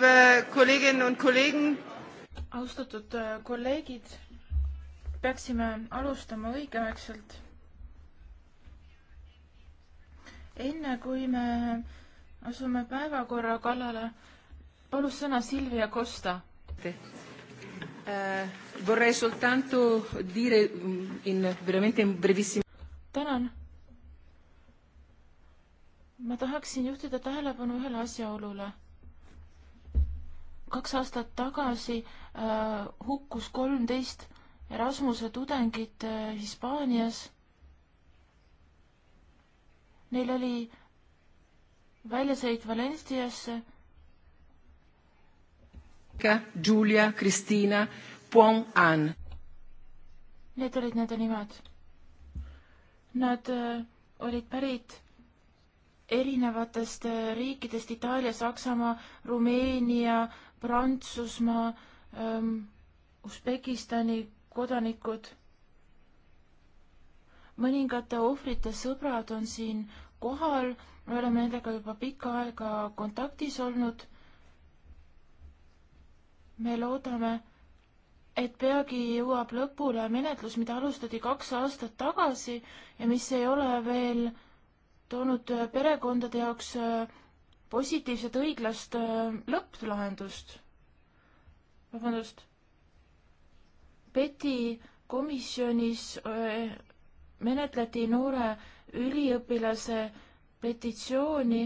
liebe Kolleginnen und Kollegen. austatud äh, kolleegid, peaksime alustama õigeaegselt. enne kui me asume päevakorra kallale, palus sõna Silvia Costa. Äh, vorrei soltanto dire mm, in veramente in brevissimo. tänan ma tahaksin juhtida tähelepanu ühele asjaolule kaks aastat tagasi äh, hukkus kolmteist Erasmuse tudengit äh, Hispaanias. Neil oli väljasõit Valenciasse. Julia, Kristiina, Pong An. Need olid nende nimed. Nad äh, olid pärit erinevatest äh, riikidest, Itaalia, Saksamaa, Rumeenia, Prantsusmaa ähm,, Usbekistani kodanikud. mõningate ohvrite sõbrad on siin kohal, me oleme nendega juba pikka aega kontaktis olnud. me loodame, et peagi jõuab lõpule menetlus, mida alustati kaks aastat tagasi ja mis ei ole veel toonud perekondade jaoks äh, positiivset õiglast äh, lõpplahendust. vabandust. Peti komisjonis äh, menetleti noore üliõpilase petitsiooni,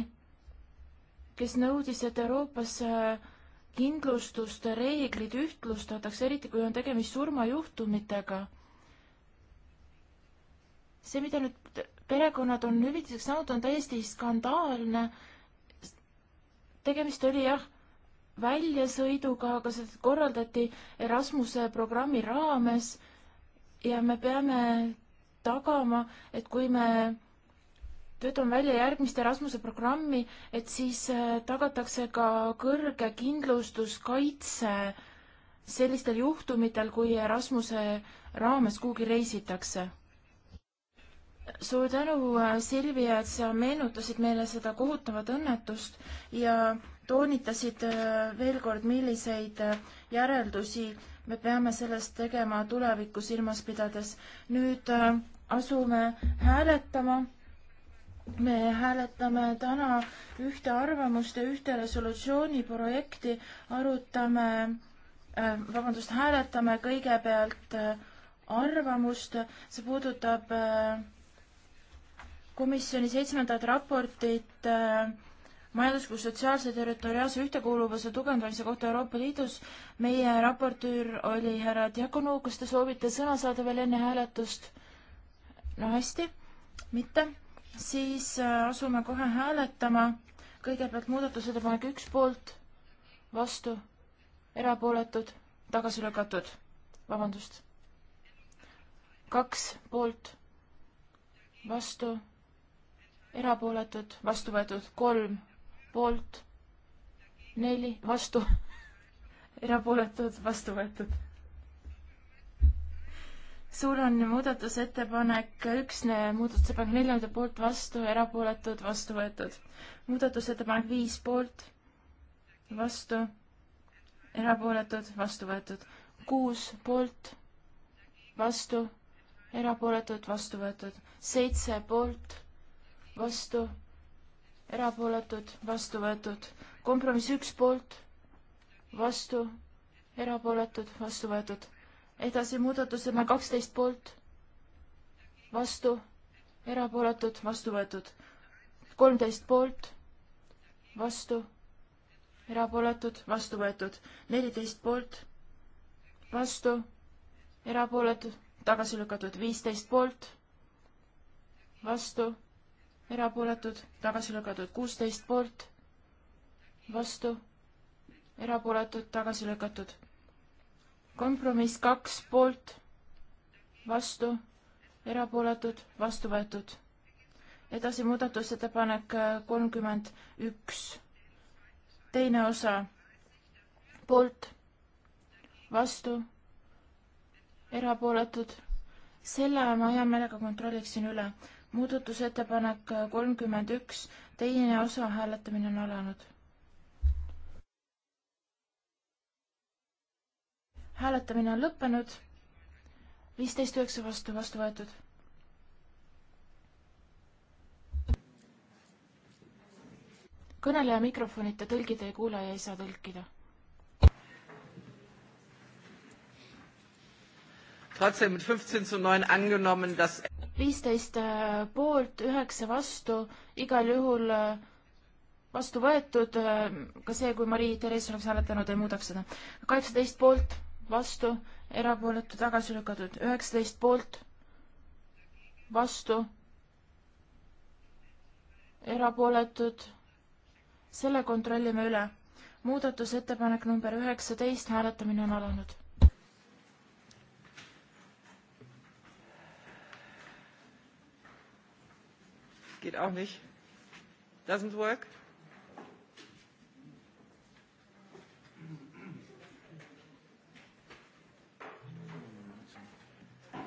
kes nõudis, et Euroopas äh, kindlustuste reeglid ühtlustatakse, eriti kui on tegemist surmajuhtumitega. see, mida nüüd perekonnad on hüvitiseks saanud, on täiesti skandaalne tegemist oli jah, väljasõiduga, aga seda korraldati Erasmuse programmi raames ja me peame tagama, et kui me töötame välja järgmist Erasmuse programmi, et siis äh, tagatakse ka kõrge kindlustuskaitse sellistel juhtumitel, kui Erasmuse raames kuhugi reisitakse suur tänu, äh, Silvia, et sa meenutasid meile seda kohutavat õnnetust ja toonitasid äh, veel kord, milliseid äh, järeldusi me peame sellest tegema tulevikku silmas pidades. nüüd asume hääletama. me hääletame täna ühte arvamust ja ühte resolutsiooni projekti, arutame, vabandust, hääletame kõigepealt arvamust, see puudutab äh, komisjoni seitsmendat raportit äh, majandusliku, sotsiaalse, territoriaalse ühtekuuluvuse tugevdamise kohta Euroopa Liidus. meie raportöör oli härra Diakonu, kas te soovite sõna saada veel enne hääletust? no hästi, mitte, siis äh, asume kohe hääletama. kõigepealt muudatusettepanek üks poolt, vastu, erapooletud, tagasi lükatud, vabandust, kaks poolt, vastu erapooletud, vastu võetud kolm poolt, neli vastu, erapooletud, vastu võetud. suurune muudatusettepanek üksne, muudatusettepanek neljanda poolt vastu, erapooletud, vastu võetud. muudatusettepanek viis poolt, vastu, erapooletud, vastu võetud. kuus poolt, vastu, erapooletud, vastu võetud. seitse poolt vastu, erapooletud, vastu võetud. kompromiss üks poolt, vastu, erapooletud, vastu võetud. edasi muudatusena kaksteist poolt, vastu, erapooletud, vastu võetud. kolmteist poolt, vastu, erapooletud, vastu võetud. neliteist poolt, vastu, erapooletud, tagasi lükatud. viisteist poolt, vastu erapooletud, tagasi lükatud kuusteist poolt, vastu, erapooletud, tagasi lükatud. kompromiss kaks poolt, vastu, erapooletud, vastu võetud. edasi muudatusettepanek äh, kolmkümmend üks, teine osa, poolt, vastu, erapooletud, selle ma hea meelega kontrolliksin üle muudatusettepanek kolmkümmend üks, teine osa hääletamine on alanud. hääletamine on lõppenud, viisteist üheksa vastu, vastu võetud. kõneleja mikrofonita tõlgida ei kuule ja ei saa tõlkida trotzdem mit 15 zu 9 angenommen, dass viisteist äh, poolt, üheksa vastu, igal juhul äh, vastu võetud, äh, ka see, kui Marii-Therese oleks hääletanud, ei muudaks seda. kaheksateist poolt, vastu, erapooletu tagasi lükatud, üheksateist poolt, vastu, erapooletud, selle kontrollime üle. muudatusettepanek number üheksateist, hääletamine on alanud Geht auch nicht. Doesn't work.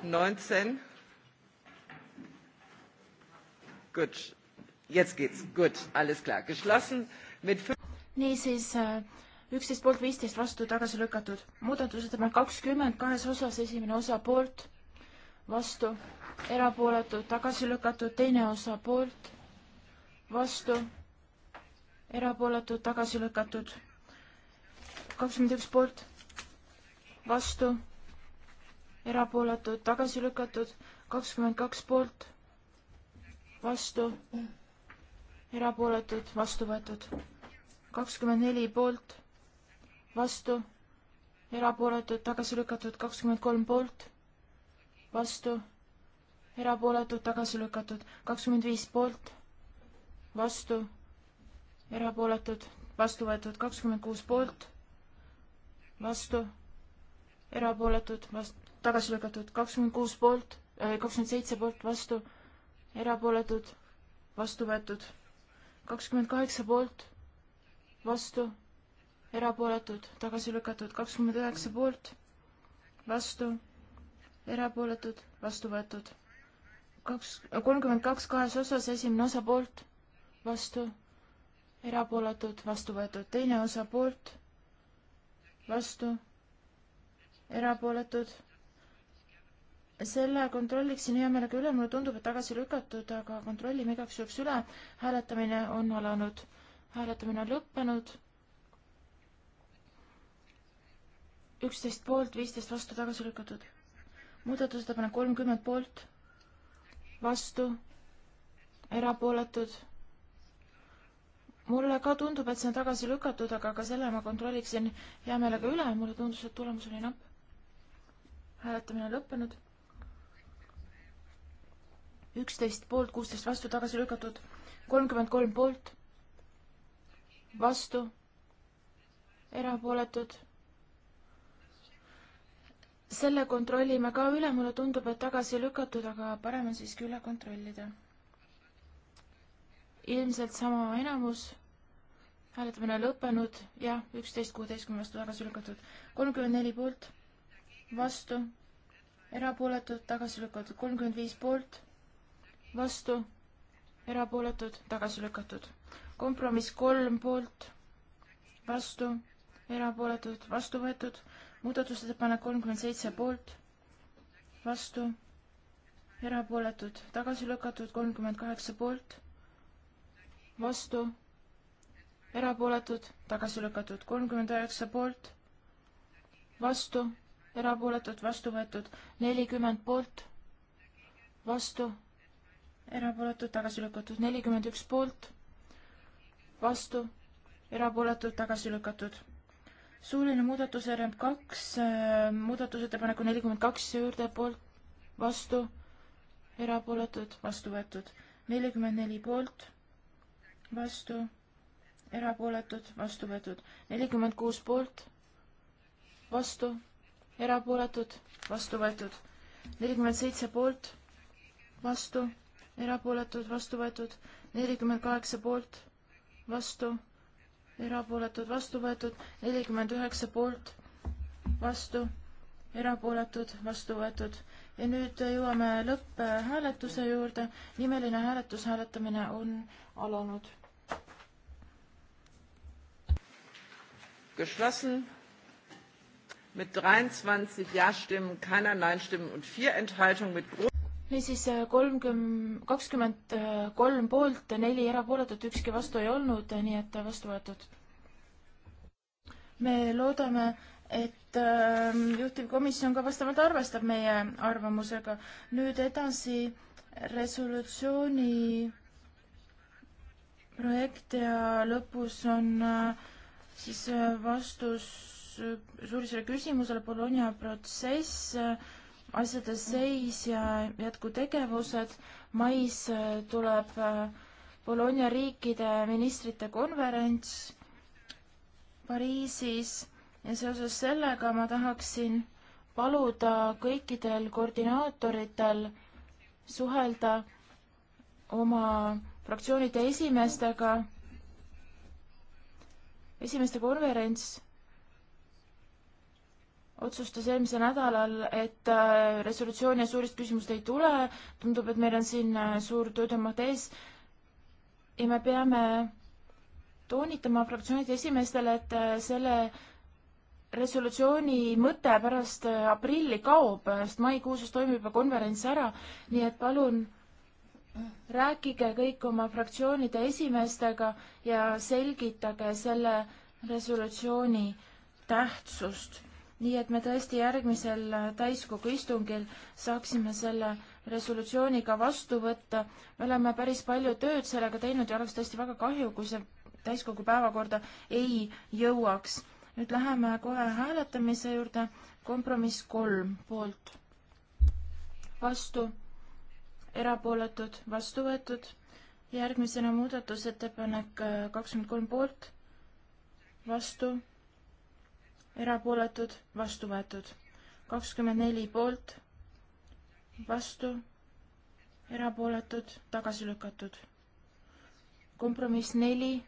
neunzehn gut jetzt geht's gut alles klar geschlossen mit niisiis äh, üksteist poolt viisteist vastu tagasi lükatud muudatusettepanek kakskümmend kahes osas esimene osa poolt vastu erapooletud, tagasi lükatud, teine osa poolt, vastu, erapooletud, tagasi lükatud, kakskümmend üks poolt, vastu, erapooletud, tagasi lükatud, kakskümmend kaks poolt, vastu, erapooletud, vastu võetud, kakskümmend neli poolt, vastu, erapooletud, tagasi lükatud, kakskümmend kolm poolt, vastu erapooletud, tagasi lükatud, kakskümmend viis poolt, vastu, erapooletud, vastu võetud, kakskümmend kuus poolt, vastu, erapooletud, vast-, tagasi lükatud, kakskümmend kuus poolt, äh, kakskümmend seitse poolt, vastu, erapooletud, vastu võetud, kakskümmend kaheksa poolt, vastu, erapooletud, tagasi lükatud, kakskümmend üheksa poolt, vastu, erapooletud, vastu võetud kaks, kolmkümmend kaks kahes osas, esimene osa poolt, vastu, erapooletud, vastu võetud, teine osa poolt, vastu, erapooletud. selle kontrolliksin hea meelega üle, mulle tundub, et tagasi lükatud, aga kontrollime igaks juhuks üle. hääletamine on alanud, hääletamine on lõppenud. üksteist poolt, viisteist vastu tagasi lükatud. muudatusettepanek kolmkümmend poolt vastu, erapooletud. mulle ka tundub, et see on tagasi lükatud, aga ka selle ma kontrolliksin hea meelega üle, mulle tundus, et tulemus oli napp. hääletamine lõppenud. üksteist poolt, kuusteist vastu, tagasi lükatud, kolmkümmend kolm poolt, vastu, erapooletud selle kontrollime ka üle, mulle tundub, et tagasi lükatud, aga parem on siiski üle kontrollida. ilmselt sama enamus, hääletamine lõppenud, jah, üksteist kuueteistkümnest tagasi lükatud, kolmkümmend neli poolt, vastu, erapooletud, tagasi lükatud, kolmkümmend viis poolt, vastu, erapooletud, tagasi lükatud. kompromiss kolm poolt, vastu, erapooletud, vastu võetud muudatusettepanek kolmkümmend seitse poolt, vastu, erapooletud, tagasi lükatud, kolmkümmend kaheksa poolt, vastu, erapooletud, tagasi lükatud, kolmkümmend üheksa poolt, vastu, erapooletud, vastu võetud, nelikümmend poolt, vastu, erapooletud, tagasi lükatud, nelikümmend üks poolt, vastu, erapooletud, tagasi lükatud suuline muudatus RM kaks, äh, muudatusettepaneku nelikümmend kaks juurde poolt, vastu, erapooletud, vastu võetud. nelikümmend neli poolt, vastu, erapooletud, vastu võetud. nelikümmend kuus poolt, vastu, erapooletud, vastu võetud. nelikümmend seitse poolt, vastu, erapooletud, vastu võetud. nelikümmend kaheksa poolt, vastu erapooletud, vastu võetud, nelikümmend üheksa poolt, vastu, erapooletud, vastu võetud. ja nüüd jõuame lõpphääletuse juurde. nimeline hääletus, hääletamine on alanud. Geschlossen mit 23 Ja-Stimmen, keiner Nein-Stimmen und vier Enthaltungen mit niisiis äh, kolmkümmend, kakskümmend äh, kolm poolt, neli erapooletut, ükski vastu ei olnud, äh, nii et vastu võetud. me loodame, et äh, juhtivkomisjon ka vastavalt arvestab meie arvamusega. nüüd edasi resolutsiooni projekt ja lõpus on äh, siis vastus suurisele küsimusele Bologna protsess äh, asjade seis ja jätkutegevused. mais äh, tuleb äh, Bologna riikide ministrite konverents Pariisis ja seoses sellega ma tahaksin paluda kõikidel koordinaatoritel suhelda oma fraktsioonide esimeestega. esimeeste konverents otsustas eelmisel nädalal, et äh, resolutsiooni ja suurist küsimust ei tule, tundub, et meil on siin äh, suur töötamaht ees ja me peame toonitama fraktsioonide esimeestele, et äh, selle resolutsiooni mõte pärast aprilli kaob, sest maikuuses toimub juba konverents ära, nii et palun rääkige kõik oma fraktsioonide esimeestega ja selgitage selle resolutsiooni tähtsust nii et me tõesti järgmisel täiskogu istungil saaksime selle resolutsiooniga vastu võtta. me oleme päris palju tööd sellega teinud ja oleks tõesti väga kahju, kui see täiskogu päevakorda ei jõuaks. nüüd läheme kohe hääletamise juurde. kompromiss kolm poolt, vastu, erapooletud, vastu võetud. järgmisena muudatusettepanek kakskümmend kolm poolt, vastu erapooletud, vastu võetud. kakskümmend neli poolt, vastu, erapooletud, tagasi lükatud. kompromiss neli.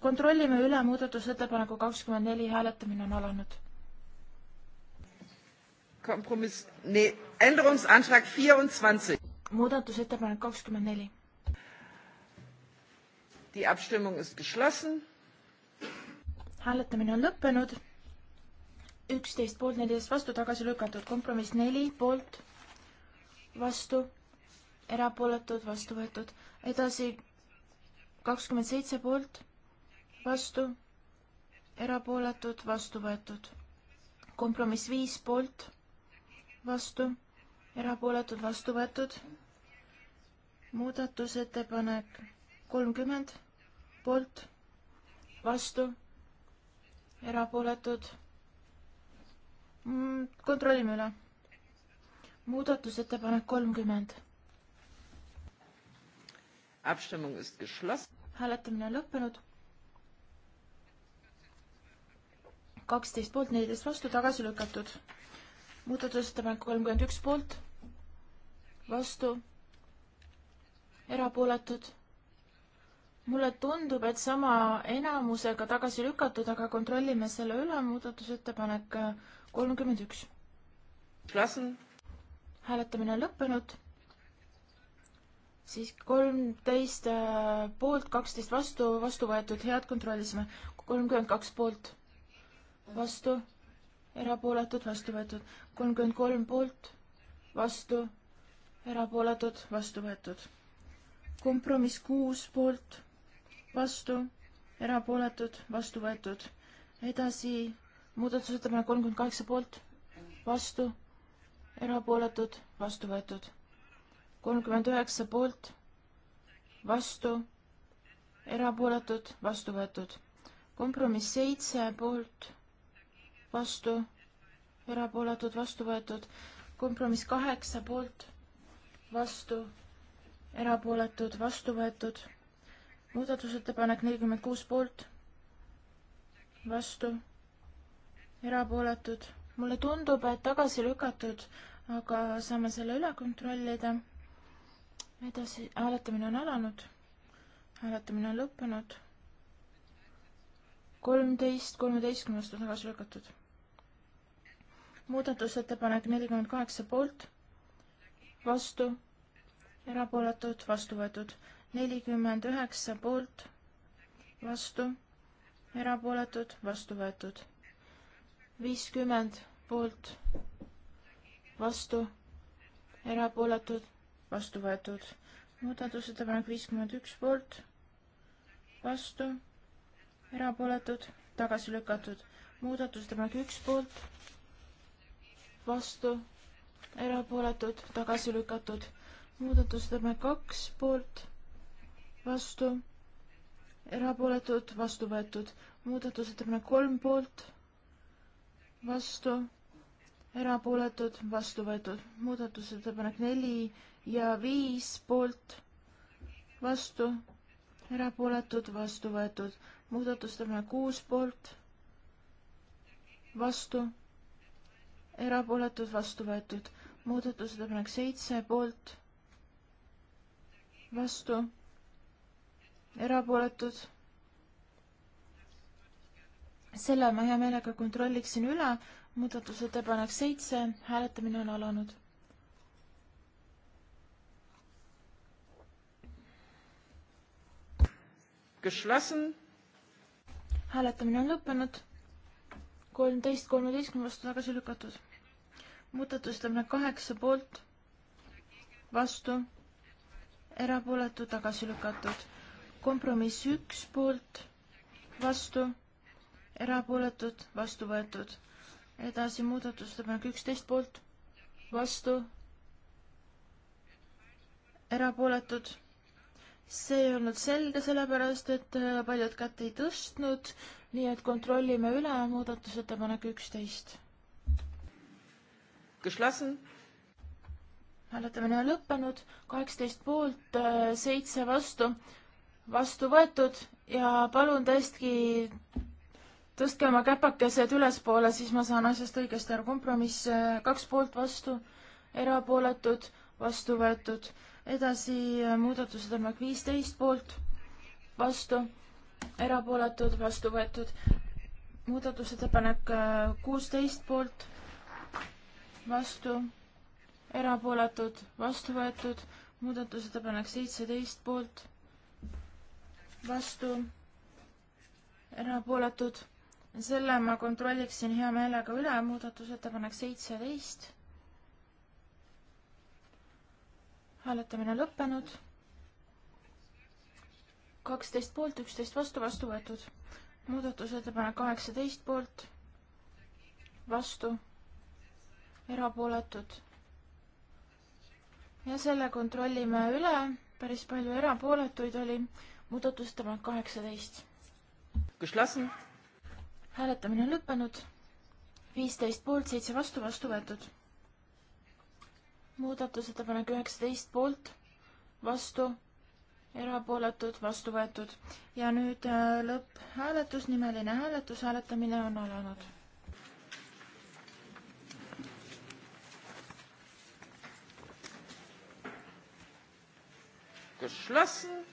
kontrollime üle muudatusettepaneku kakskümmend neli, hääletamine on alanud. kompromiss, nee, änderungsantrag vierundzwanzig. muudatusettepanek kakskümmend neli. Die Abstimmung ist geschlossen hääletamine on lõppenud. üksteist poolt, neliteist vastu, tagasi lükatud. kompromiss neli poolt, vastu, erapooletud, vastu võetud. edasi kakskümmend seitse poolt, vastu, erapooletud, vastu võetud. kompromiss viis poolt, vastu, erapooletud, vastu võetud. muudatusettepanek kolmkümmend poolt, vastu erapooletud. Mm, kontrollime üle. muudatusettepanek kolmkümmend. hääletamine on lõppenud. kaksteist poolt, neliteist vastu, tagasi lükatud. muudatusettepanek kolmkümmend üks poolt, vastu, erapooletud mulle tundub, et sama enamusega tagasi lükatud, aga kontrollime selle üle, muudatusettepanek kolmkümmend üks. hääletamine on lõppenud. siis kolmteist äh, poolt, kaksteist vastu, vastu võetud, head kontrollisime. kolmkümmend kaks poolt, vastu, erapooletud, vastu võetud. kolmkümmend kolm poolt, vastu, erapooletud, vastu võetud. kompromiss kuus poolt vastu, erapooletud, vastu võetud. edasi muudatusettepanek kolmkümmend kaheksa poolt, vastu, erapooletud, vastu võetud. kolmkümmend üheksa poolt, vastu, erapooletud, vastu võetud. kompromiss seitse poolt, vastu, erapooletud, vastu võetud. kompromiss kaheksa poolt, vastu, erapooletud, vastu võetud muudatusettepanek nelikümmend kuus poolt, vastu, erapooletud. mulle tundub, et tagasi lükatud, aga saame selle üle kontrollida. edasi, hääletamine on alanud, hääletamine on lõppenud. kolmteist, kolmeteistkümne vastu tagasi lükatud. muudatusettepanek nelikümmend kaheksa poolt, vastu, erapooletud, vastu võetud nelikümmend üheksa poolt, vastu, erapooletud, vastu võetud. viiskümmend poolt, vastu, erapooletud, vastu võetud. muudatusettepanek viiskümmend üks poolt, vastu, erapooletud, tagasi lükatud. muudatusettepanek üks poolt, vastu, erapooletud, tagasi lükatud. muudatusettepanek kaks poolt vastu, erapooletud, vastu võetud. muudatusettepanek kolm poolt, vastu, erapooletud, vastu võetud. muudatusettepanek neli ja viis poolt, vastu, erapooletud, vastu võetud. muudatusettepanek kuus poolt, vastu, erapooletud, vastu võetud. muudatusettepanek seitse poolt, vastu erapooletud. selle ma hea meelega kontrolliksin üle, muudatusettepanek seitse, hääletamine on alanud. hääletamine on lõppenud, kolmteist kolmeteistkümne vastu tagasi lükatud. muudatusettepanek kaheksa poolt, vastu, erapooletu tagasi lükatud kompromiss üks poolt, vastu, erapooletud, vastu võetud. edasi muudatusettepanek üksteist poolt, vastu, erapooletud. see ei olnud selge, sellepärast et äh, paljud kätt ei tõstnud, nii et kontrollime üle muudatusettepanek üksteist. Geschlossen hääletamine on lõppenud, kaheksateist poolt, äh, seitse vastu, vastu võetud ja palun tõesti tõstke oma käpakesed ülespoole, siis ma saan asjast õigesti aru. kompromiss äh, kaks poolt vastu, erapooletud, vastu võetud. edasi äh, muudatusettepanek viisteist poolt, vastu, erapooletud, vastu võetud. muudatusettepanek äh, kuusteist poolt, vastu, erapooletud, vastu võetud. muudatusettepanek seitseteist poolt vastu, erapooletud. selle ma kontrolliksin hea meelega üle, muudatusettepanek seitseteist. hääletamine lõppenud. kaksteist poolt, üksteist vastu, vastu võetud. muudatusettepanek kaheksateist poolt, vastu, erapooletud. ja selle kontrollime üle, päris palju erapooletuid oli muudatusettepanek kaheksateist. hääletamine on lõppenud. viisteist poolt, seitse vastu, vastu võetud. muudatusettepanek üheksateist poolt, vastu, erapooletud, vastu võetud. ja nüüd äh, lõpphääletus, nimeline hääletus, hääletamine on alanud geschlossen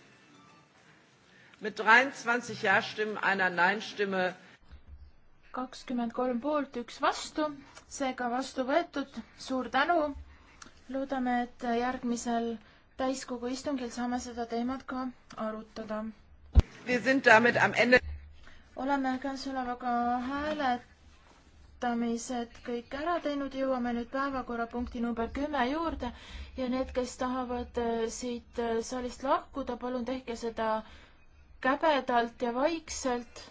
mit 23 Ja-Stimmen, einer Nein-Stimme. kakskümmend kolm poolt, üks vastu, seega vastu võetud, suur tänu. loodame, et järgmisel täiskogu istungil saame seda teemat ka arutada. oleme käesolevaga hääletamised kõik ära teinud, jõuame nüüd päevakorrapunkti number kümme juurde ja need, kes tahavad äh, siit äh, saalist lahkuda, palun tehke seda käbedalt ja vaikselt.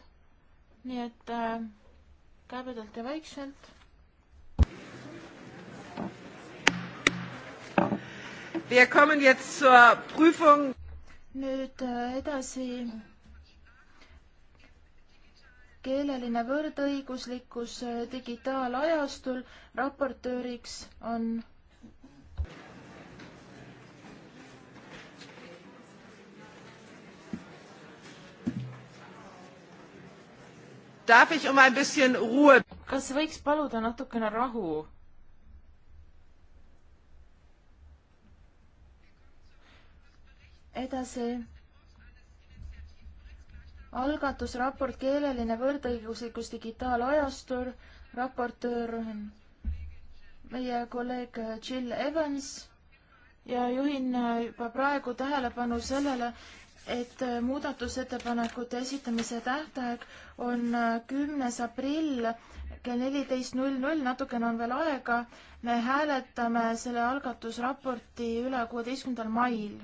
nii et äh, käbedalt ja vaikselt. Wir kommen jetzt zur Prüfung. Nüüd äh, edasi keeleline võrdõiguslikkus äh, digitaalajastul. Raportööriks on Um kas võiks paluda natukene rahu? edasi. algatusraport keeleline võrdõiguslikkus digitaalajastul, raportöör on meie kolleeg Jill Evans ja juhin juba praegu tähelepanu sellele, et äh, muudatusettepanekute esitamise tähtaeg on äh, kümnes aprill kell neliteist null null, natukene on veel aega. me hääletame selle algatusraporti üle kuueteistkümnendal mail.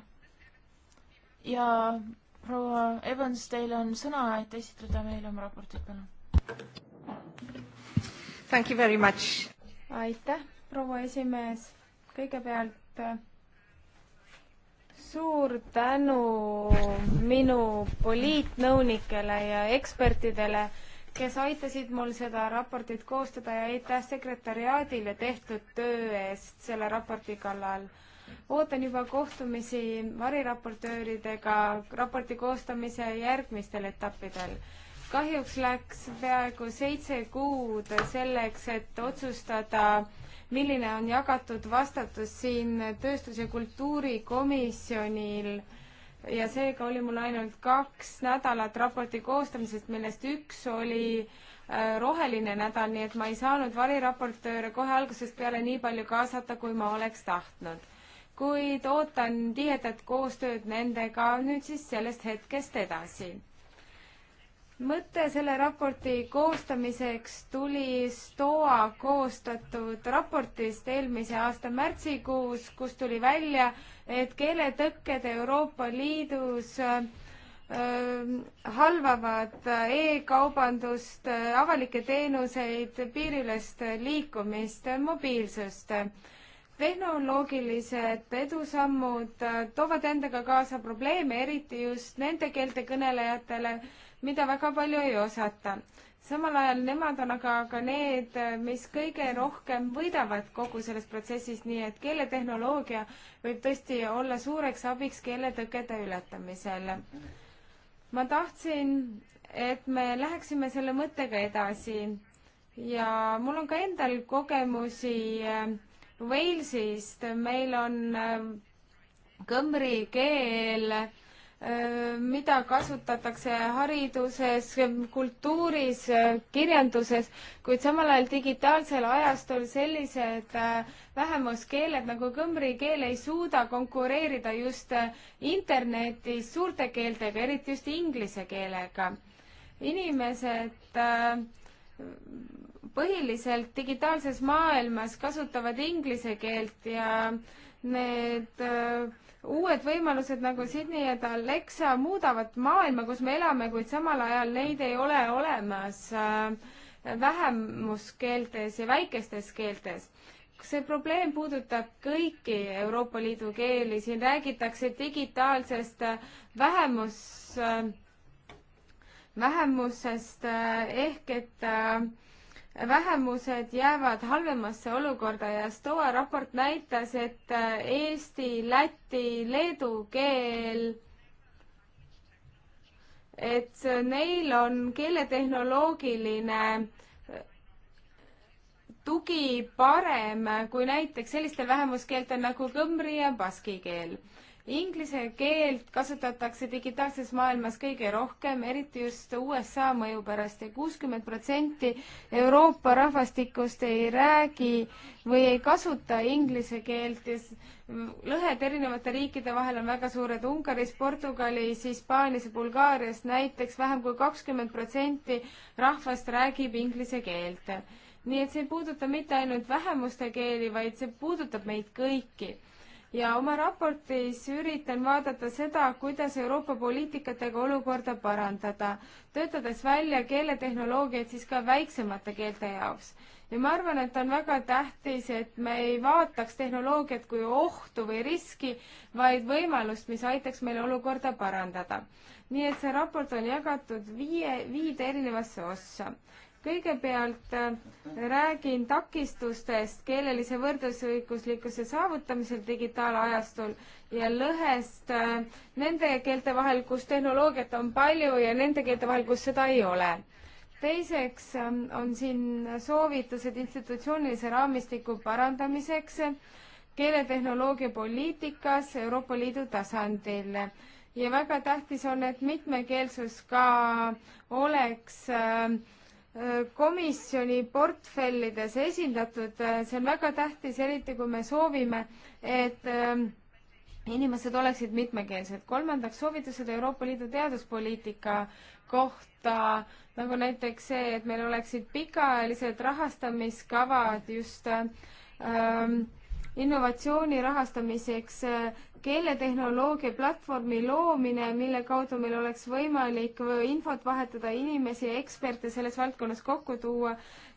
ja proua Evans, teil on sõna, et esitleda meile oma raportit, palun. Thank you very much. aitäh, proua esimees. kõigepealt äh, suur tänu minu poliitnõunikele ja ekspertidele, kes aitasid mul seda raportit koostada ja aitäh sekretäriaadile tehtud töö eest selle raporti kallal. ootan juba kohtumisi variraportööridega raporti koostamise järgmistel etappidel. kahjuks läks peaaegu seitse kuud selleks, et otsustada äh, milline on jagatud vastutus siin tööstus- ja kultuurikomisjonil ja seega oli mul ainult kaks nädalat raporti koostamisest, millest üks oli äh, roheline nädal, nii et ma ei saanud variraportööre kohe algusest peale nii palju kaasata, kui ma oleks tahtnud. kuid ootan tihedat koostööd nendega nüüd siis sellest hetkest edasi mõte selle raporti koostamiseks tuli STOA koostatud raportist eelmise aasta märtsikuus, kus tuli välja, et keeletõkked Euroopa Liidus äh, halvavad e-kaubandust, avalikke teenuseid, piiriülest liikumist, mobiilsust. tehnoloogilised edusammud äh, toovad endaga kaasa probleeme, eriti just nende keelte kõnelejatele, mida väga palju ei osata. samal ajal nemad on aga ka need, mis kõige rohkem võidavad kogu selles protsessis, nii et keeletehnoloogia võib tõesti olla suureks abiks keeletõkete ületamisel. ma tahtsin, et me läheksime selle mõttega edasi ja mul on ka endal kogemusi äh, Walesist, meil on äh, kõmri keel mida kasutatakse hariduses, kultuuris, kirjanduses, kuid samal ajal digitaalsel ajastul sellised äh, vähemuskeeled nagu kõmri keel ei suuda konkureerida just äh, internetis suurte keeltega, eriti just inglise keelega. inimesed äh, põhiliselt digitaalses maailmas kasutavad inglise keelt ja need öö, äh, uued võimalused nagu Sydney ja Alexa muudavad maailma, kus me elame, kuid samal ajal neid ei ole olemas äh, vähemuskeeltes ja väikestes keeltes. see probleem puudutab kõiki Euroopa Liidu keeli, siin räägitakse digitaalsest äh, vähemus äh,, vähemusest äh, ehk et äh, vähemused jäävad halvemasse olukorda ja STOA raport näitas, et äh, eesti, läti, leedu keel, et neil on keeletehnoloogiline äh, tugi parem kui näiteks sellistel vähemuskeeltel nagu kõmri ja baski keel Inglise keelt kasutatakse digitaalses maailmas kõige rohkem, eriti just USA mõju pärast ja kuuskümmend protsenti Euroopa rahvastikust ei räägi või ei kasuta inglise keelt ja lõhed erinevate riikide vahel on väga suured. Ungaris, Portugalis, Hispaanias ja Bulgaarias näiteks vähem kui kakskümmend protsenti rahvast räägib inglise keelt. nii et see ei puuduta mitte ainult vähemuste keeli, vaid see puudutab meid kõiki ja oma raportis üritan vaadata seda, kuidas Euroopa poliitikatega olukorda parandada, töötades välja keeletehnoloogiaid siis ka väiksemate keelte jaoks. ja ma arvan, et on väga tähtis, et me ei vaataks tehnoloogiat kui ohtu või riski, vaid võimalust, mis aitaks meil olukorda parandada. nii et see raport on jagatud viie, viide erinevasse ossa kõigepealt äh, räägin takistustest keelelise võrdõiguslikkuse saavutamisel digitaalajastul ja lõhest äh, nende keelte vahel, kus tehnoloogiat on palju ja nende keelte vahel, kus seda ei ole. teiseks äh, on siin soovitused institutsioonilise raamistiku parandamiseks keeletehnoloogia poliitikas Euroopa Liidu tasandil ja väga tähtis on, et mitmekeelsus ka oleks äh, komisjoni portfellides esindatud, see on väga tähtis, eriti kui me soovime, et ähm, inimesed oleksid mitmekeelsed. kolmandaks, soovitused Euroopa Liidu teaduspoliitika kohta, nagu näiteks see, et meil oleksid pikaajalised rahastamiskavad just ähm, innovatsiooni rahastamiseks äh, keeletehnoloogia platvormi loomine, mille kaudu meil oleks võimalik infot vahetada, inimesi ja eksperte selles valdkonnas kokku tuua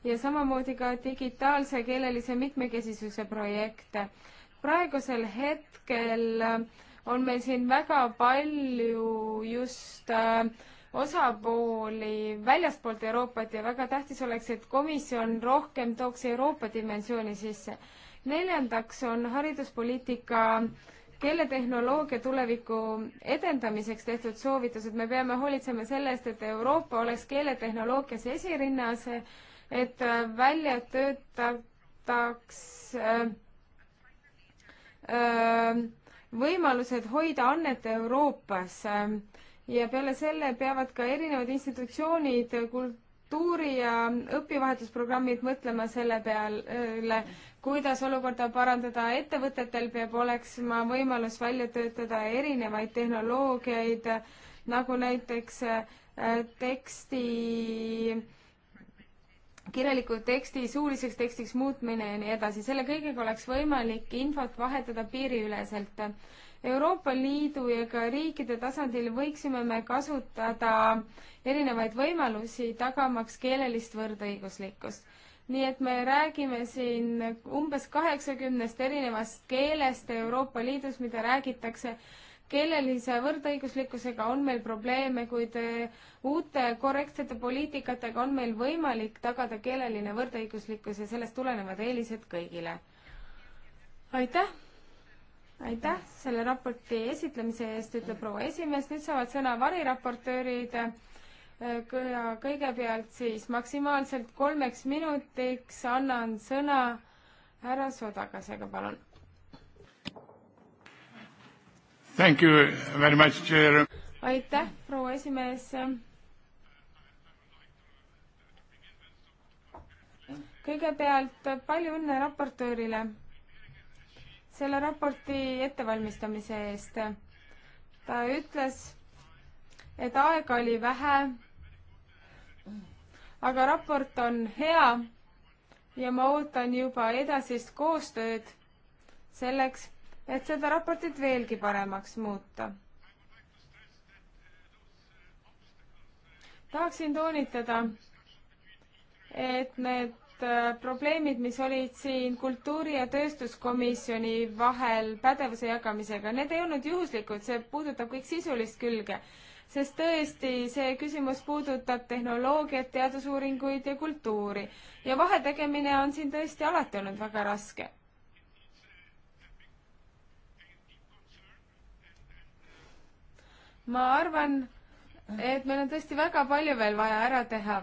ja samamoodi ka digitaalse keelelise mitmekesisuse projekte. praegusel hetkel on meil siin väga palju just äh, osapooli väljastpoolt Euroopat ja väga tähtis oleks, et komisjon rohkem tooks Euroopa dimensiooni sisse. neljandaks on hariduspoliitika äh, keeletehnoloogia tuleviku edendamiseks tehtud soovitused, me peame hoolitsema selle eest, et Euroopa oleks keeletehnoloogias esirinnas, et välja töötataks äh, äh, võimalused hoida annet Euroopas ja peale selle peavad ka erinevad institutsioonid kult-, kultuuri- ja õpivahetusprogrammid mõtlema selle peale, kuidas olukorda parandada. ettevõtetel peab olema võimalus välja töötada erinevaid tehnoloogiaid, nagu näiteks äh, teksti, kirjaliku teksti suuliseks tekstiks muutmine ja nii edasi. selle kõigega oleks võimalik infot vahetada piiriüleselt Euroopa Liidu ja ka riikide tasandil võiksime me kasutada erinevaid võimalusi, tagamaks keelelist võrdõiguslikkust. nii et me räägime siin umbes kaheksakümnest erinevast keelest Euroopa Liidus, mida räägitakse keelelise võrdõiguslikkusega on meil probleeme, kuid eh, uute korrektsete poliitikatega on meil võimalik tagada keeleline võrdõiguslikkus ja sellest tulenevad eelised kõigile. aitäh! aitäh selle raporti esitlemise eest, ütleb proua esimees, nüüd saavad sõna variraportöörid ja kõigepealt siis maksimaalselt kolmeks minutiks annan sõna härra Sodagasega, palun. Thank you very much, chair. aitäh, proua esimees. kõigepealt palju õnne raportöörile selle raporti ettevalmistamise eest. ta ütles, et aega oli vähe, aga raport on hea ja ma ootan juba edasist koostööd selleks, et seda raportit veelgi paremaks muuta. tahaksin toonitada, et need Äh, probleemid, mis olid siin kultuuri- ja tööstuskomisjoni vahel pädevuse jagamisega, need ei olnud juhuslikud, see puudutab kõik sisulist külge. sest tõesti, see küsimus puudutab tehnoloogiat, teadusuuringuid ja kultuuri. ja vahetegemine on siin tõesti alati olnud väga raske. ma arvan, et meil on tõesti väga palju veel vaja ära teha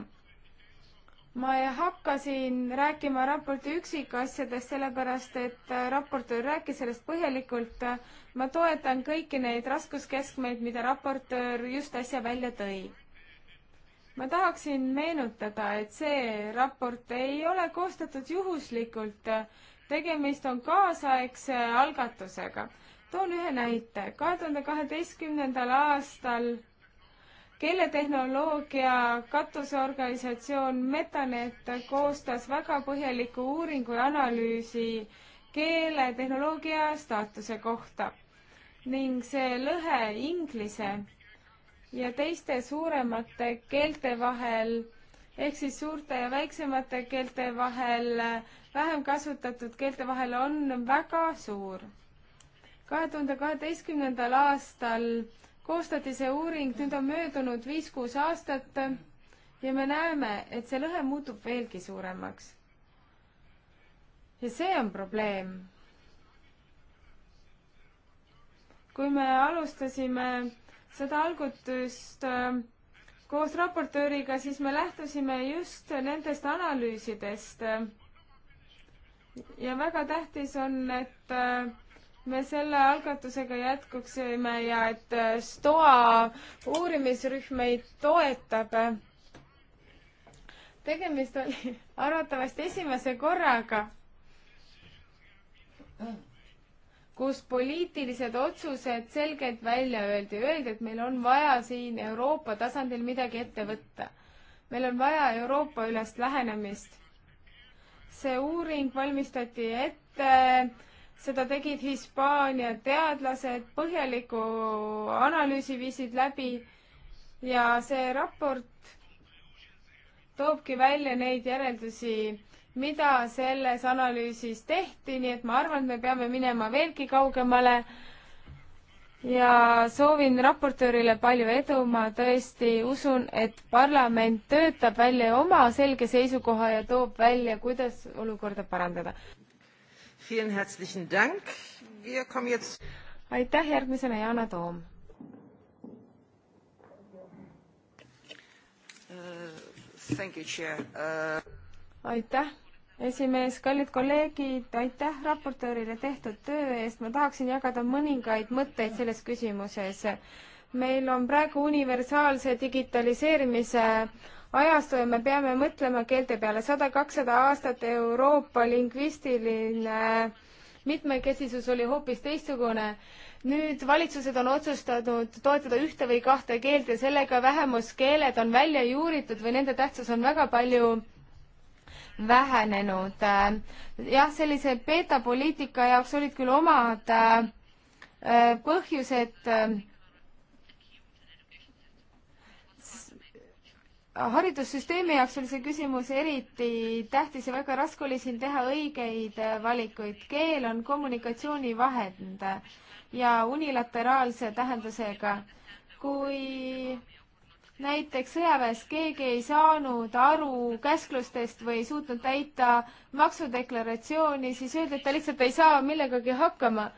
ma ei hakka siin rääkima raporti üksikasjadest, sellepärast et äh, raportöör rääkis sellest põhjalikult. ma toetan kõiki neid raskuskeskmeid, mida raportöör just äsja välja tõi. ma tahaksin meenutada, et see raport ei ole koostatud juhuslikult. tegemist on kaasaegse algatusega. toon ühe näite. kahe tuhande kaheteistkümnendal aastal keeletehnoloogia katuseorganisatsioon Metanet koostas väga põhjaliku uuringu ja analüüsi keeletehnoloogia staatuse kohta ning see lõhe inglise ja teiste suuremate keelte vahel ehk siis suurte ja väiksemate keelte vahel, vähem kasutatud keelte vahel on väga suur. kahe tuhande kaheteistkümnendal aastal koostati see uuring, nüüd on möödunud viis-kuus aastat ja me näeme, et see lõhe muutub veelgi suuremaks. ja see on probleem. kui me alustasime seda algutust äh, koos raportööriga, siis me lähtusime just nendest analüüsidest. ja väga tähtis on, et äh, me selle algatusega jätkuksime ja et äh, STOA uurimisrühm meid toetab. tegemist oli arvatavasti esimese korraga, kus poliitilised otsused selgelt välja öeldi, öeldi, et meil on vaja siin Euroopa tasandil midagi ette võtta. meil on vaja Euroopa ülest lähenemist. see uuring valmistati ette seda tegid Hispaania teadlased, põhjaliku analüüsi viisid läbi ja see raport toobki välja neid järeldusi, mida selles analüüsis tehti, nii et ma arvan, et me peame minema veelgi kaugemale ja soovin raportöörile palju edu, ma tõesti usun, et parlament töötab välja oma selge seisukoha ja toob välja, kuidas olukorda parandada aitäh, järgmisena Yana Toom. Äh, äh, aitäh, esimees, kallid kolleegid, aitäh raportöörile tehtud töö eest, ma tahaksin jagada mõningaid mõtteid selles küsimuses. meil on praegu universaalse digitaliseerimise ajastu ja me peame mõtlema keelte peale. sada, kakssada aastat Euroopa lingvistiline mitmekesisus oli hoopis teistsugune. nüüd valitsused on otsustanud toetada ühte või kahte keelt ja sellega vähemuskeeled on välja juuritud või nende tähtsus on väga palju vähenenud. jah, sellise beta poliitika jaoks olid küll omad äh, põhjused äh, haridussüsteemi jaoks oli see küsimus eriti tähtis ja väga raske oli siin teha õigeid äh, valikuid. keel on kommunikatsioonivahend ja unilateraalse tähendusega. kui näiteks sõjaväes keegi ei saanud aru käsklustest või ei suutnud täita maksudeklaratsiooni, siis öeldi, et ta lihtsalt ei saa millegagi hakkama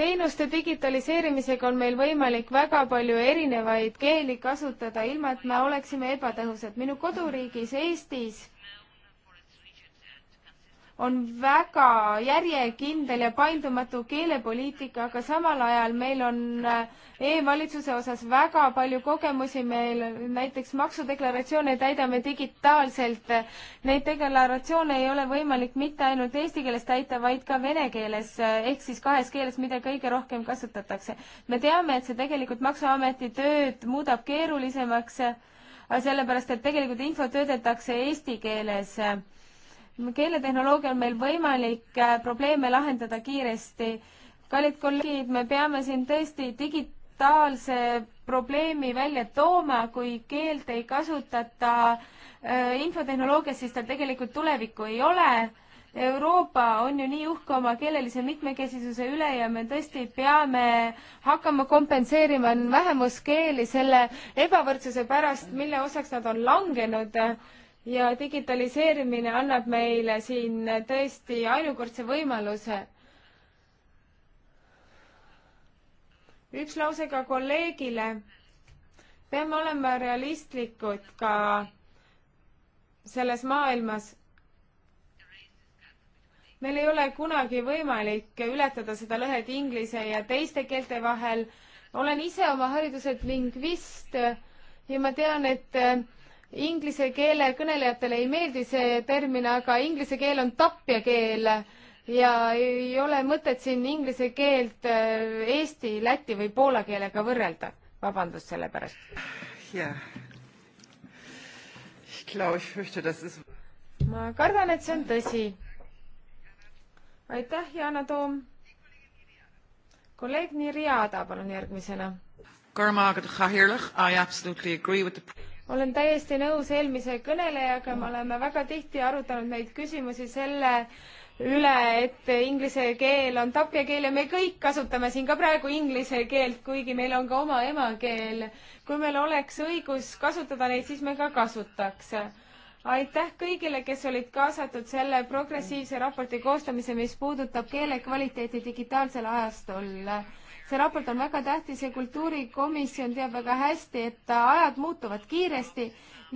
teenuste digitaliseerimisega on meil võimalik väga palju erinevaid keeli kasutada, ilma et me oleksime ebatõhusad. minu koduriigis Eestis on väga järjekindel ja paindumatu keelepoliitika, aga samal ajal meil on äh, e-valitsuse osas väga palju kogemusi, meil näiteks maksudeklaratsioone täidame digitaalselt. Neid deklaratsioone ei ole võimalik mitte ainult eesti keeles täita, vaid ka vene keeles äh, ehk siis kahes keeles, mida kõige rohkem kasutatakse. me teame, et see tegelikult Maksuameti tööd muudab keerulisemaks, äh, sellepärast et tegelikult info töödeldakse eesti keeles keeletehnoloogia on meil võimalik äh, probleeme lahendada kiiresti. kallid kolleegid, me peame siin tõesti digitaalse probleemi välja tooma, kui keelt ei kasutata äh, infotehnoloogias, siis tal tegelikult tulevikku ei ole Euroopa on ju nii uhke oma keelelise mitmekesisuse üle ja me tõesti peame hakkama kompenseerima vähemuskeeli selle ebavõrdsuse pärast, mille osaks nad on langenud ja digitaliseerimine annab meile siin tõesti ainukordse võimaluse. üks lause ka kolleegile. peame olema realistlikud ka selles maailmas. meil ei ole kunagi võimalik ületada seda lõhet inglise ja teiste keelte vahel. olen ise oma hariduselt lingvist ja ma tean, et Inglise keele kõnelejatele ei meeldi see termin, aga inglise keel on tapjakeel ja ei ole mõtet siin inglise keelt äh, eesti, läti või poola keelega võrrelda. vabandust selle pärast. jah. ma kardan, et see on tõsi. aitäh, Yana Toom. kolleeg Niriada, palun järgmisena. Karma, I absolutely agree with the olen täiesti nõus eelmise kõnelejaga, me oleme väga tihti arutanud neid küsimusi selle üle, et inglise keel on tapjakeel ja me kõik kasutame siin ka praegu inglise keelt, kuigi meil on ka oma emakeel. kui meil oleks õigus kasutada neid, siis me ka kasutaks. aitäh kõigile, kes olid kaasatud selle progressiivse raporti koostamise, mis puudutab keele kvaliteeti digitaalsel ajastul see raport on väga tähtis ja kultuurikomisjon teab väga hästi, et ajad muutuvad kiiresti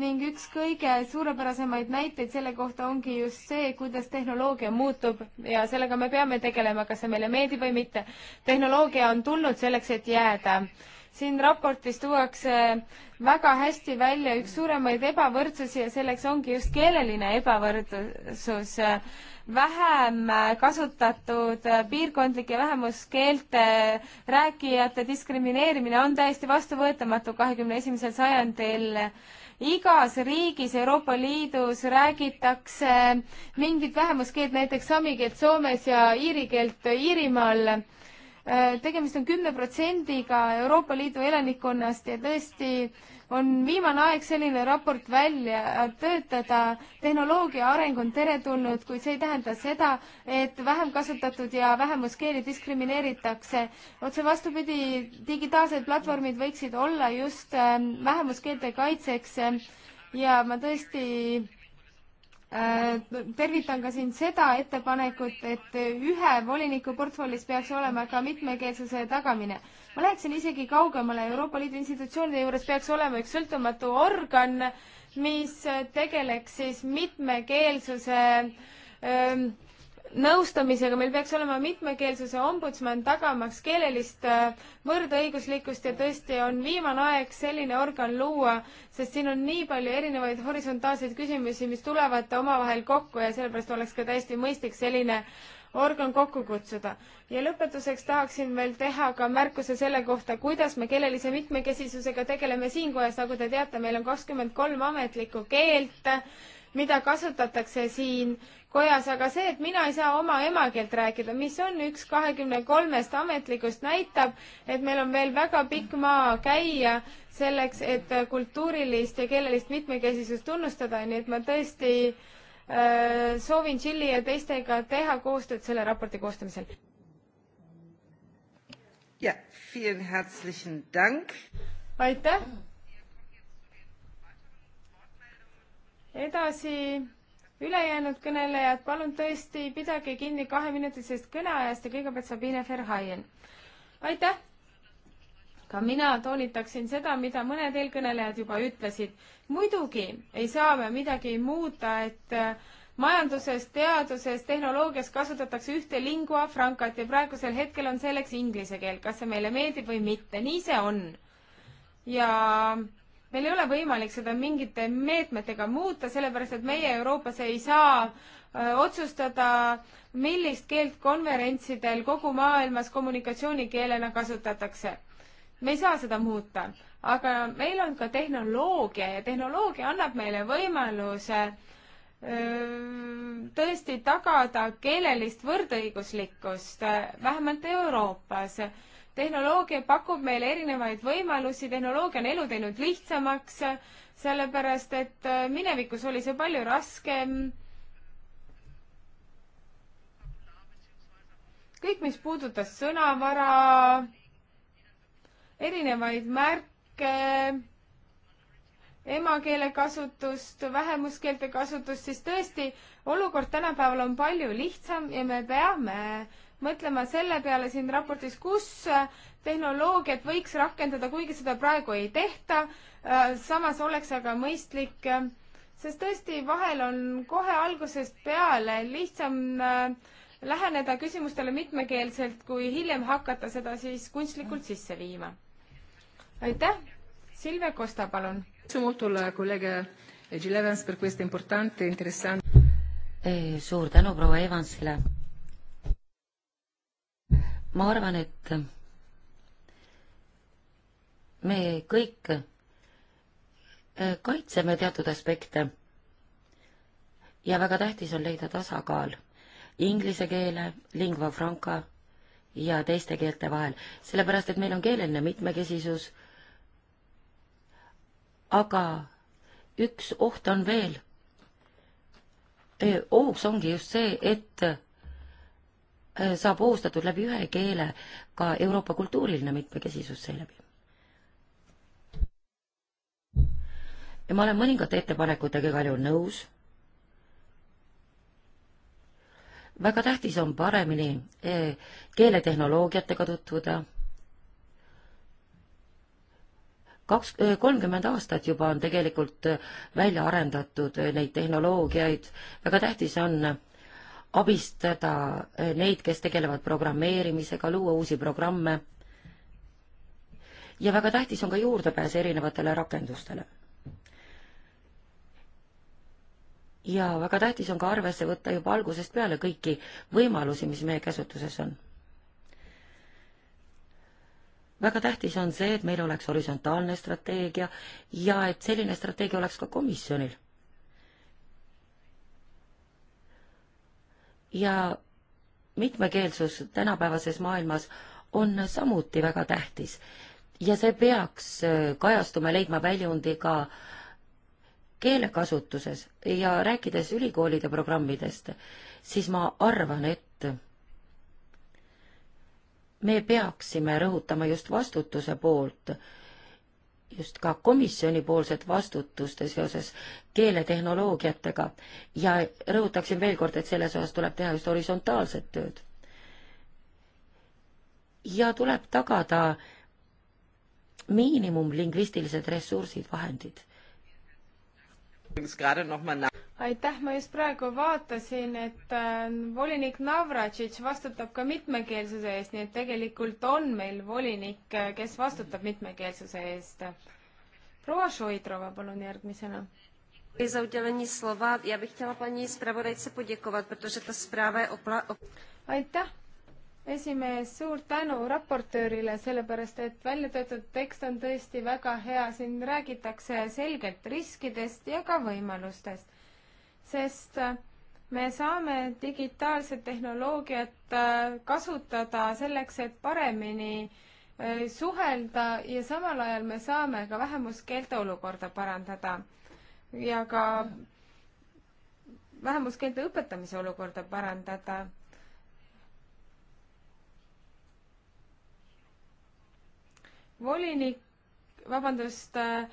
ning üks kõige suurepärasemaid näiteid selle kohta ongi just see, kuidas tehnoloogia muutub ja sellega me peame tegelema, kas see meile meeldib või mitte. tehnoloogia on tulnud selleks, et jääda. siin raportis tuuakse väga hästi välja üks suuremaid ebavõrdsusi ja selleks ongi just keeleline ebavõrdsus vähem kasutatud piirkondlike vähemuskeelte rääkijate diskrimineerimine on täiesti vastuvõetamatu kahekümne esimesel sajandil igas riigis Euroopa Liidus räägitakse mingit vähemuskeelt, näiteks sami keelt Soomes ja iiri keelt Iirimaal. tegemist on kümne protsendiga Euroopa Liidu elanikkonnast ja tõesti äh, on viimane aeg selline raport välja töötada. tehnoloogia areng on teretulnud, kuid see ei tähenda seda, et vähem kasutatud ja vähemuskeeli diskrimineeritakse. otse vastupidi, digitaalsed platvormid võiksid olla just ähm, vähemuskeelte kaitseks ja ma tõesti äh, tervitan ka siin seda ettepanekut, et ühe voliniku portfellis peaks olema ka mitmekeelsuse tagamine ma läheksin isegi kaugemale, Euroopa Liidu institutsioonide juures peaks olema üks sõltumatu organ, mis tegeleks siis mitmekeelsuse öö, ähm, nõustamisega, meil peaks olema mitmekeelsuse ombudsman tagamaks keelelist äh, võrdõiguslikkust ja tõesti on viimane aeg selline organ luua, sest siin on nii palju erinevaid horisontaalseid küsimusi, mis tulevad omavahel kokku ja sellepärast oleks ka täiesti mõistlik selline organ kokku kutsuda. ja lõpetuseks tahaksin veel teha ka märkuse selle kohta, kuidas me keelelise mitmekesisusega tegeleme siin kojas, nagu te teate, meil on kakskümmend kolm ametlikku keelt, mida kasutatakse siin kojas, aga see, et mina ei saa oma emakeelt rääkida, mis on üks kahekümne kolmest ametlikust, näitab, et meil on veel väga pikk maa käia selleks, et kultuurilist ja keelelist mitmekesisust tunnustada, nii et ma tõesti äh, Äh, soovin Tšilli ja teistega teha koostööd selle raporti koostamisel. jah, aitäh. edasi ülejäänud kõnelejad, palun tõesti pidage kinni kaheminutilisest kõneajast ja kõigepealt Sabine Verhaien. aitäh! ka mina toonitaksin seda, mida mõned eelkõnelejad juba ütlesid muidugi ei saa me midagi muuta, et äh, majanduses, teaduses, tehnoloogias kasutatakse ühte lingua francat ja praegusel hetkel on selleks inglise keel, kas see meile meeldib või mitte, nii see on. ja meil ei ole võimalik seda mingite meetmetega muuta, sellepärast et meie Euroopas ei saa öö, äh, otsustada, millist keelt konverentsidel kogu maailmas kommunikatsioonikeelena kasutatakse me ei saa seda muuta, aga meil on ka tehnoloogia ja tehnoloogia annab meile võimaluse tõesti tagada keelelist võrdõiguslikkust, vähemalt Euroopas. tehnoloogia pakub meile erinevaid võimalusi, tehnoloogia on elu teinud lihtsamaks, sellepärast et minevikus oli see palju raskem. kõik, mis puudutas sõnavara, erinevaid märke, emakeele kasutust, vähemuskeelte kasutust, siis tõesti olukord tänapäeval on palju lihtsam ja me peame mõtlema selle peale siin raportis, kus tehnoloogiat võiks rakendada, kuigi seda praegu ei tehta. samas oleks aga mõistlik, sest tõesti vahel on kohe algusest peale lihtsam äh, läheneda küsimustele mitmekeelselt, kui hiljem hakata seda siis kunstlikult sisse viima. aitäh, Silvia Kosta, palun. E eh, suur tänu proua Evansile. ma arvan, et me kõik eh, kaitseme teatud aspekte ja väga tähtis on leida tasakaal inglise keele, lingua franca ja teiste keelte vahel, sellepärast et meil on keeleline mitmekesisus, aga üks oht on veel. ohuks ongi just see, et saab ohustatud läbi ühe keele ka Euroopa kultuuriline mitmekesisus seeläbi. ja ma olen mõningate ettepanekutega igal juhul nõus väga tähtis on paremini eh, keeletehnoloogiatega tutvuda. kaks, eh, kolmkümmend aastat juba on tegelikult eh, välja arendatud neid tehnoloogiaid, väga tähtis on abistada neid, kes tegelevad programmeerimisega, luua uusi programme. ja väga tähtis on ka juurdepääs erinevatele rakendustele ja väga tähtis on ka arvesse võtta juba algusest peale kõiki võimalusi, mis meie käsutuses on. väga tähtis on see, et meil oleks horisontaalne strateegia ja et selline strateegia oleks ka komisjonil. ja mitmekeelsus tänapäevases maailmas on samuti väga tähtis ja see peaks kajastuma ja leidma väljundi ka äh, keelekasutuses ja rääkides ülikoolide programmidest, siis ma arvan, et me peaksime rõhutama just vastutuse poolt, just ka komisjonipoolset vastutust seoses keeletehnoloogiatega ja rõhutaksin veel kord, et selles osas tuleb teha just horisontaalset tööd. ja tuleb tagada miinimumlingvistilised ressursid, vahendid aitäh, ma just praegu vaatasin, et äh, volinik Navratšitš vastutab ka mitmekeelsuse eest, nii et tegelikult on meil volinik, äh, kes vastutab mitmekeelsuse eest. proua Šoidrova, palun järgmisena. za udělení slova. Já bych chtěla paní zpravodajce poděkovat, protože ta zpráva je opla... Aitäh! esimees, suur tänu raportöörile, sellepärast et välja töötatud tekst on tõesti väga hea, siin räägitakse selgelt riskidest ja ka võimalustest, sest me saame digitaalset tehnoloogiat äh, kasutada selleks, et paremini äh, suhelda ja samal ajal me saame ka vähemuskeelte olukorda parandada ja ka vähemuskeelte õpetamise olukorda parandada volinik, vabandust äh,,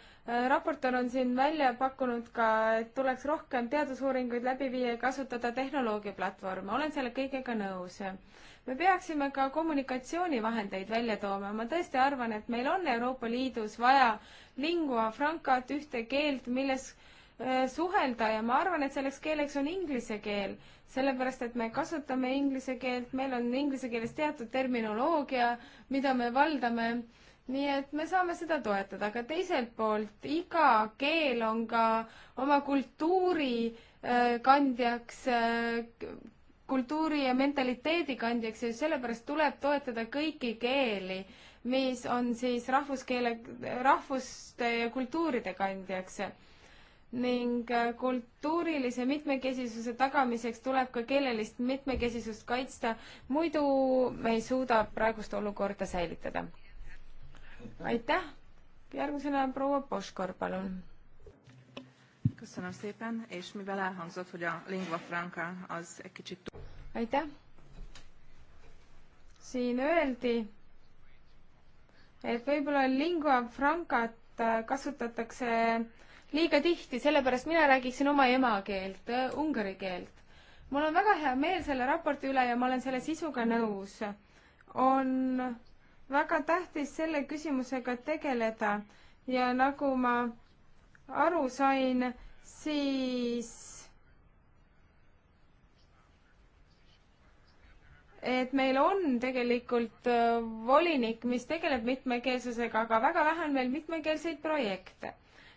raportöör on siin välja pakkunud ka, et tuleks rohkem teadusuuringuid läbi viia ja kasutada tehnoloogiaplatvorme, olen selle kõigega nõus. me peaksime ka kommunikatsioonivahendeid välja tooma, ma tõesti arvan, et meil on Euroopa Liidus vaja lingua francat, ühte keelt, milles äh, suhelda ja ma arvan, et selleks keeleks on inglise keel, sellepärast et me kasutame inglise keelt, meil on inglise keeles teatud terminoloogia, mida me valdame nii et me saame seda toetada, aga teiselt poolt iga keel on ka oma kultuuri äh, kandjaks, äh, kultuuri ja mentaliteedi kandjaks ja sellepärast tuleb toetada kõiki keeli, mis on siis rahvuskeele, rahvuste ja kultuuride kandjaks ning äh, kultuurilise mitmekesisuse tagamiseks tuleb ka keelelist mitmekesisust kaitsta, muidu me ei suuda praegust olukorda säilitada aitäh, järgmisena proua Poškor, palun. aitäh. siin öeldi, et võib-olla lingua francat äh, kasutatakse liiga tihti, sellepärast mina räägiksin oma emakeelt, äh, ungari keelt. mul on väga hea meel selle raporti üle ja ma olen selle sisuga nõus. on väga tähtis selle küsimusega tegeleda ja nagu ma aru sain, siis et meil on tegelikult äh, volinik, mis tegeleb mitmekeelsusega, aga väga vähe on meil mitmekeelseid projekte.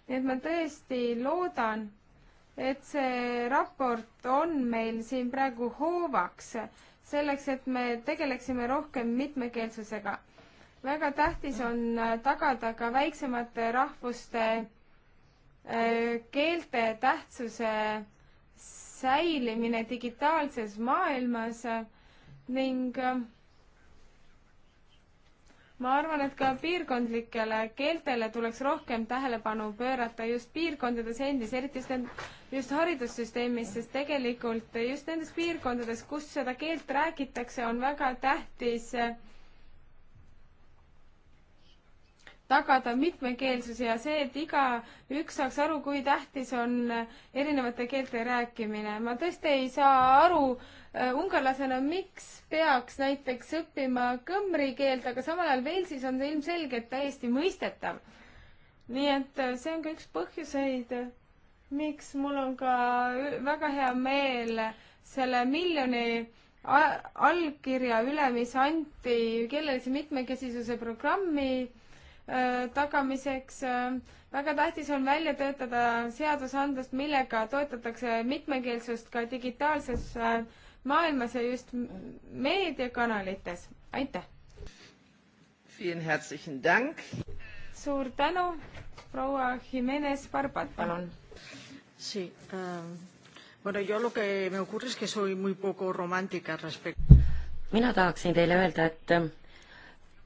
nii et ma tõesti loodan, et see raport on meil siin praegu hoovaks selleks, et me tegeleksime rohkem mitmekeelsusega väga tähtis on äh, tagada ka väiksemate rahvuste äh, keelte tähtsuse säilimine digitaalses maailmas ning äh, ma arvan, et ka piirkondlikele keeltele tuleks rohkem tähelepanu pöörata just piirkondades endis, eriti just need, just haridussüsteemis, sest tegelikult just nendes piirkondades, kus seda keelt räägitakse, on väga tähtis äh, tagada mitmekeelsus ja see, et igaüks saaks aru, kui tähtis on erinevate keelte rääkimine. ma tõesti ei saa aru äh, ungarlasena, miks peaks näiteks õppima kõmri keelt, aga samal ajal Velsis on see ilmselgelt täiesti mõistetav. nii et äh, see on ka üks põhjuseid, äh, miks mul on ka väga hea meel selle miljoni allkirja üle, mis anti keelelise mitmekesisuse programmi Äh, tagamiseks. Äh, väga tähtis on välja töötada seadusandlust, millega toetatakse mitmekeelsust ka digitaalses äh, maailmas ja just meediakanalites. aitäh! suur tänu, proua Jimenez Barbat, palun! Sí, um, bueno, yo lo que me ocurre es que soy muy poco romántica respecto. mina tahaksin teile öelda, et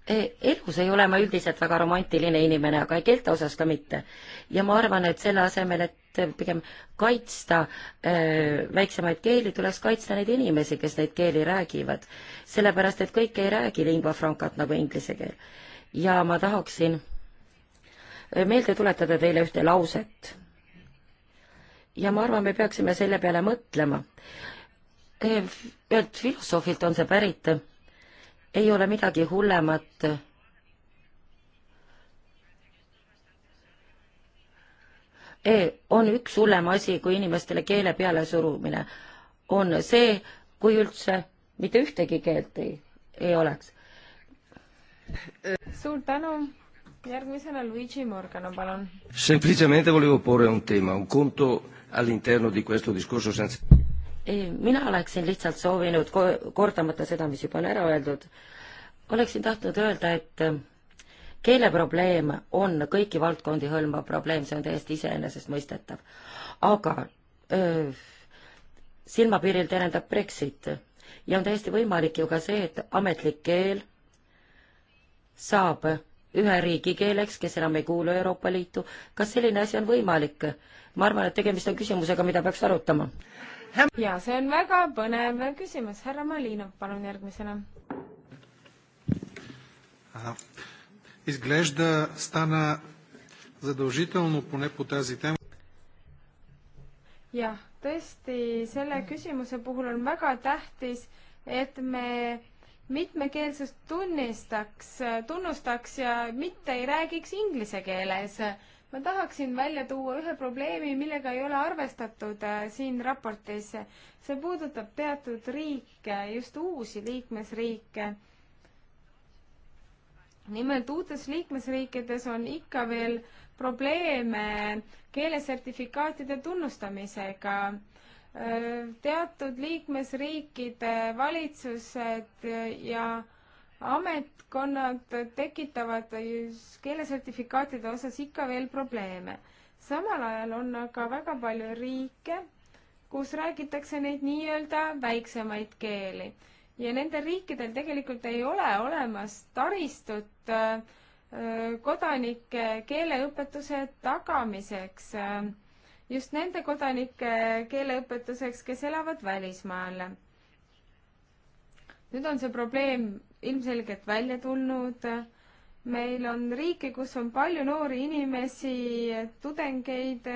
Eh, elus ei ole ma üldiselt väga romantiline inimene, aga keelte osas ka mitte. ja ma arvan, et selle asemel, et pigem kaitsta öö, eh, väiksemaid keeli, tuleks kaitsta neid inimesi, kes neid keeli räägivad. sellepärast, et kõik ei räägi lingua francat nagu inglise keel. ja ma tahaksin eh, meelde tuletada teile ühte lauset. ja ma arvan, me peaksime selle peale mõtlema. ühelt filosoofilt on see pärit ei ole midagi hullemat ei, on üks hullem asi, kui inimestele keele pealesurumine, on see, kui üldse mitte ühtegi keelt ei, ei oleks. suur tänu, järgmisena Luigi Morgano, palun. Semplicemente volevo porre un tema, un conto all'interno di questo discorso senza mina oleksin lihtsalt soovinud, kordamata seda, mis juba on ära öeldud, oleksin tahtnud öelda, et äh, keeleprobleem on kõiki valdkondi hõlmav probleem, see on täiesti iseenesestmõistetav. aga öö, äh, silmapiiril terendab Brexit ja on täiesti võimalik ju ka see, et ametlik keel saab ühe riigikeeleks, kes enam ei kuulu Euroopa Liitu. kas selline asi on võimalik? ma arvan, et tegemist on küsimusega, mida peaks arutama ja see on väga põnev küsimus, härra Malinov, palun järgmisena. Изглежда стана задължително поне по тази тема. jah, tõesti, selle küsimuse puhul on väga tähtis, et me mitmekeelsust tunnistaks, tunnustaks ja mitte ei räägiks inglise keeles ma tahaksin välja tuua ühe probleemi, millega ei ole arvestatud äh, siin raportis. see puudutab teatud riike, just uusi liikmesriike. nimelt uutes liikmesriikides on ikka veel probleeme keelesertifikaatide tunnustamisega. Äh, teatud liikmesriikide valitsused ja ametkonnad tekitavad keelesertifikaatide osas ikka veel probleeme. samal ajal on aga väga palju riike, kus räägitakse neid nii-öelda väiksemaid keeli ja nendel riikidel tegelikult ei ole olemas taristut äh, kodanike keeleõpetuse tagamiseks, äh, just nende kodanike keeleõpetuseks, kes elavad välismaal. nüüd on see probleem ilmselgelt välja tulnud. meil on riike, kus on palju noori inimesi, tudengeid,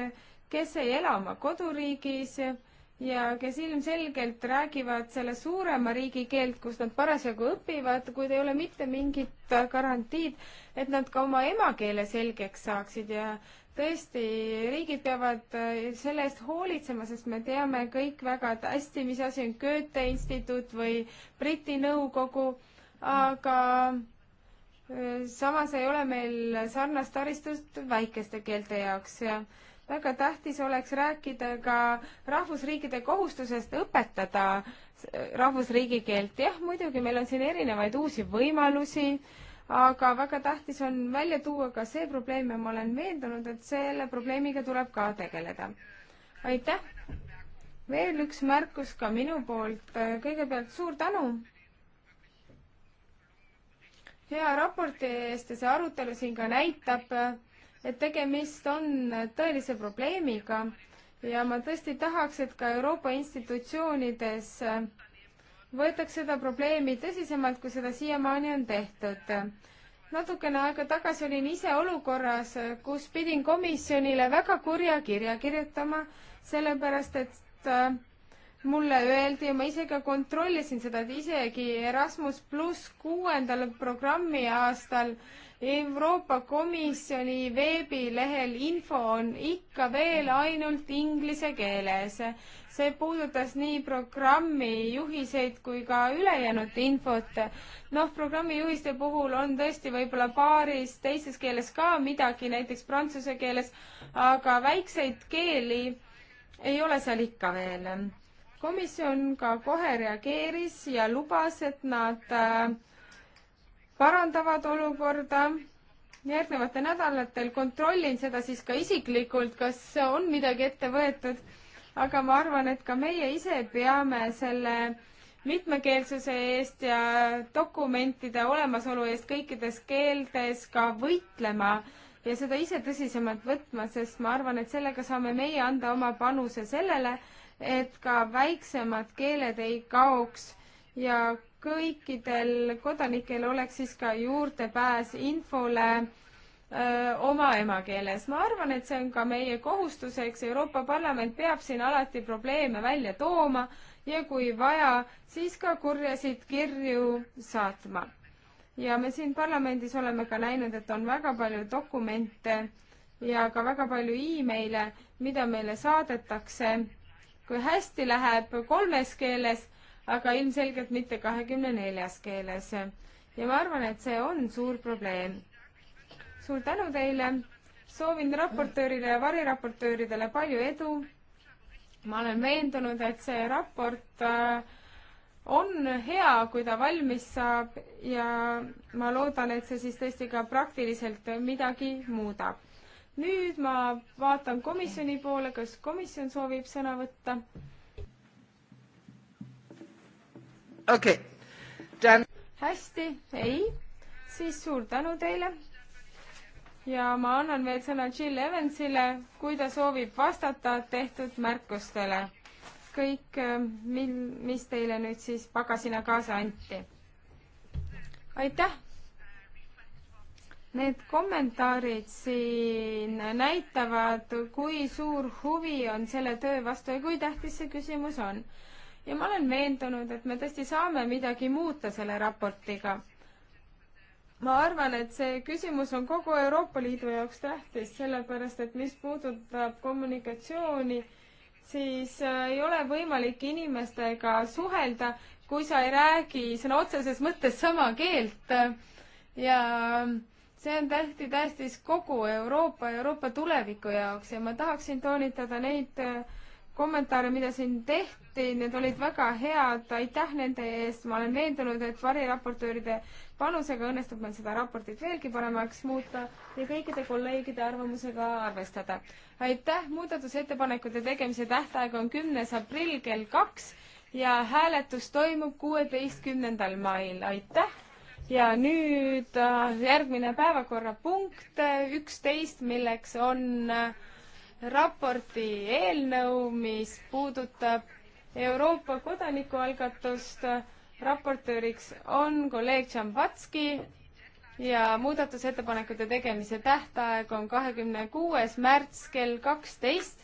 kes ei ela oma koduriigis ja kes ilmselgelt räägivad selle suurema riigi keelt, kus nad parasjagu õpivad, kuid ei ole mitte mingit garantiid, et nad ka oma emakeele selgeks saaksid ja tõesti, riigid peavad selle eest hoolitsema, sest me teame kõik väga hästi, mis asi on Goethe instituut või Briti nõukogu aga eh, samas ei ole meil sarnast taristust väikeste keelte jaoks ja väga tähtis oleks rääkida ka rahvusriikide kohustusest õpetada eh, rahvusriigi keelt. jah, muidugi meil on siin erinevaid uusi võimalusi, aga väga tähtis on välja tuua ka see probleem ja ma olen veendunud, et selle probleemiga tuleb ka tegeleda. aitäh! veel üks märkus ka minu poolt. kõigepealt suur tänu hea raporti eest ja see arutelu siin ka näitab, et tegemist on tõelise probleemiga ja ma tõesti tahaks, et ka Euroopa institutsioonides võetaks seda probleemi tõsisemalt, kui seda siiamaani on tehtud. natukene aega tagasi olin ise olukorras, kus pidin komisjonile väga kurja kirja kirjutama, sellepärast et äh, mulle öeldi ja ma ise ka kontrollisin seda, et isegi Erasmus pluss kuuendal programmiaastal Euroopa Komisjoni veebilehel info on ikka veel ainult inglise keeles. see puudutas nii programmi juhiseid kui ka ülejäänut infot. noh, programmi juhiste puhul on tõesti võib-olla paaris teises keeles ka midagi, näiteks prantsuse keeles, aga väikseid keeli ei ole seal ikka veel komisjon ka kohe reageeris ja lubas, et nad äh, parandavad olukorda. järgnevatel nädalatel kontrollin seda siis ka isiklikult, kas on midagi ette võetud, aga ma arvan, et ka meie ise peame selle mitmekeelsuse eest ja dokumentide olemasolu eest kõikides keeltes ka võitlema ja seda ise tõsisemalt võtma, sest ma arvan, et sellega saame meie anda oma panuse sellele, et ka väiksemad keeled ei kaoks ja kõikidel kodanikel oleks siis ka juurdepääs infole öö, oma emakeeles. ma arvan, et see on ka meie kohustuseks, Euroopa Parlament peab siin alati probleeme välja tooma ja kui vaja, siis ka kurjasid kirju saatma. ja me siin parlamendis oleme ka näinud, et on väga palju dokumente ja ka väga palju emaile, mida meile saadetakse kui hästi läheb kolmes keeles, aga ilmselgelt mitte kahekümne neljas keeles. ja ma arvan, et see on suur probleem. suur tänu teile, soovin raportöörile ja variraportööridele palju edu. ma olen veendunud, et see raport äh, on hea, kui ta valmis saab ja ma loodan, et see siis tõesti ka praktiliselt midagi muudab nüüd ma vaatan komisjoni poole, kas komisjon soovib sõna võtta? okei okay., hästi, ei, siis suur tänu teile. ja ma annan veel sõna Jill Evansile, kui ta soovib vastata tehtud märkustele. kõik, äh, mil, mis teile nüüd siis pagasina kaasa anti. aitäh Need kommentaarid siin näitavad, kui suur huvi on selle töö vastu ja kui tähtis see küsimus on. ja ma olen veendunud, et me tõesti saame midagi muuta selle raportiga. ma arvan, et see küsimus on kogu Euroopa Liidu jaoks tähtis, sellepärast et mis puudutab kommunikatsiooni, siis äh, ei ole võimalik inimestega suhelda, kui sa ei räägi sõna otseses mõttes sama keelt ja see on tähti tähtis kogu Euroopa, Euroopa tuleviku jaoks ja ma tahaksin toonitada neid äh, kommentaare, mida siin tehti, need olid väga head, aitäh nende eest, ma olen veendunud, et variraportööride panusega õnnestub meil seda raportit veelgi paremaks muuta ja kõikide kolleegide arvamusega arvestada. aitäh, muudatusettepanekute tegemise tähtaeg on kümnes aprill kell kaks ja hääletus toimub kuueteistkümnendal mail, aitäh! ja nüüd äh, järgmine päevakorrapunkt äh, üksteist, milleks on äh, raporti eelnõu, mis puudutab Euroopa kodanikualgatust. raportööriks on kolleeg Tšambatski ja muudatusettepanekute tegemise tähtaeg on kahekümne kuues märts kell kaksteist.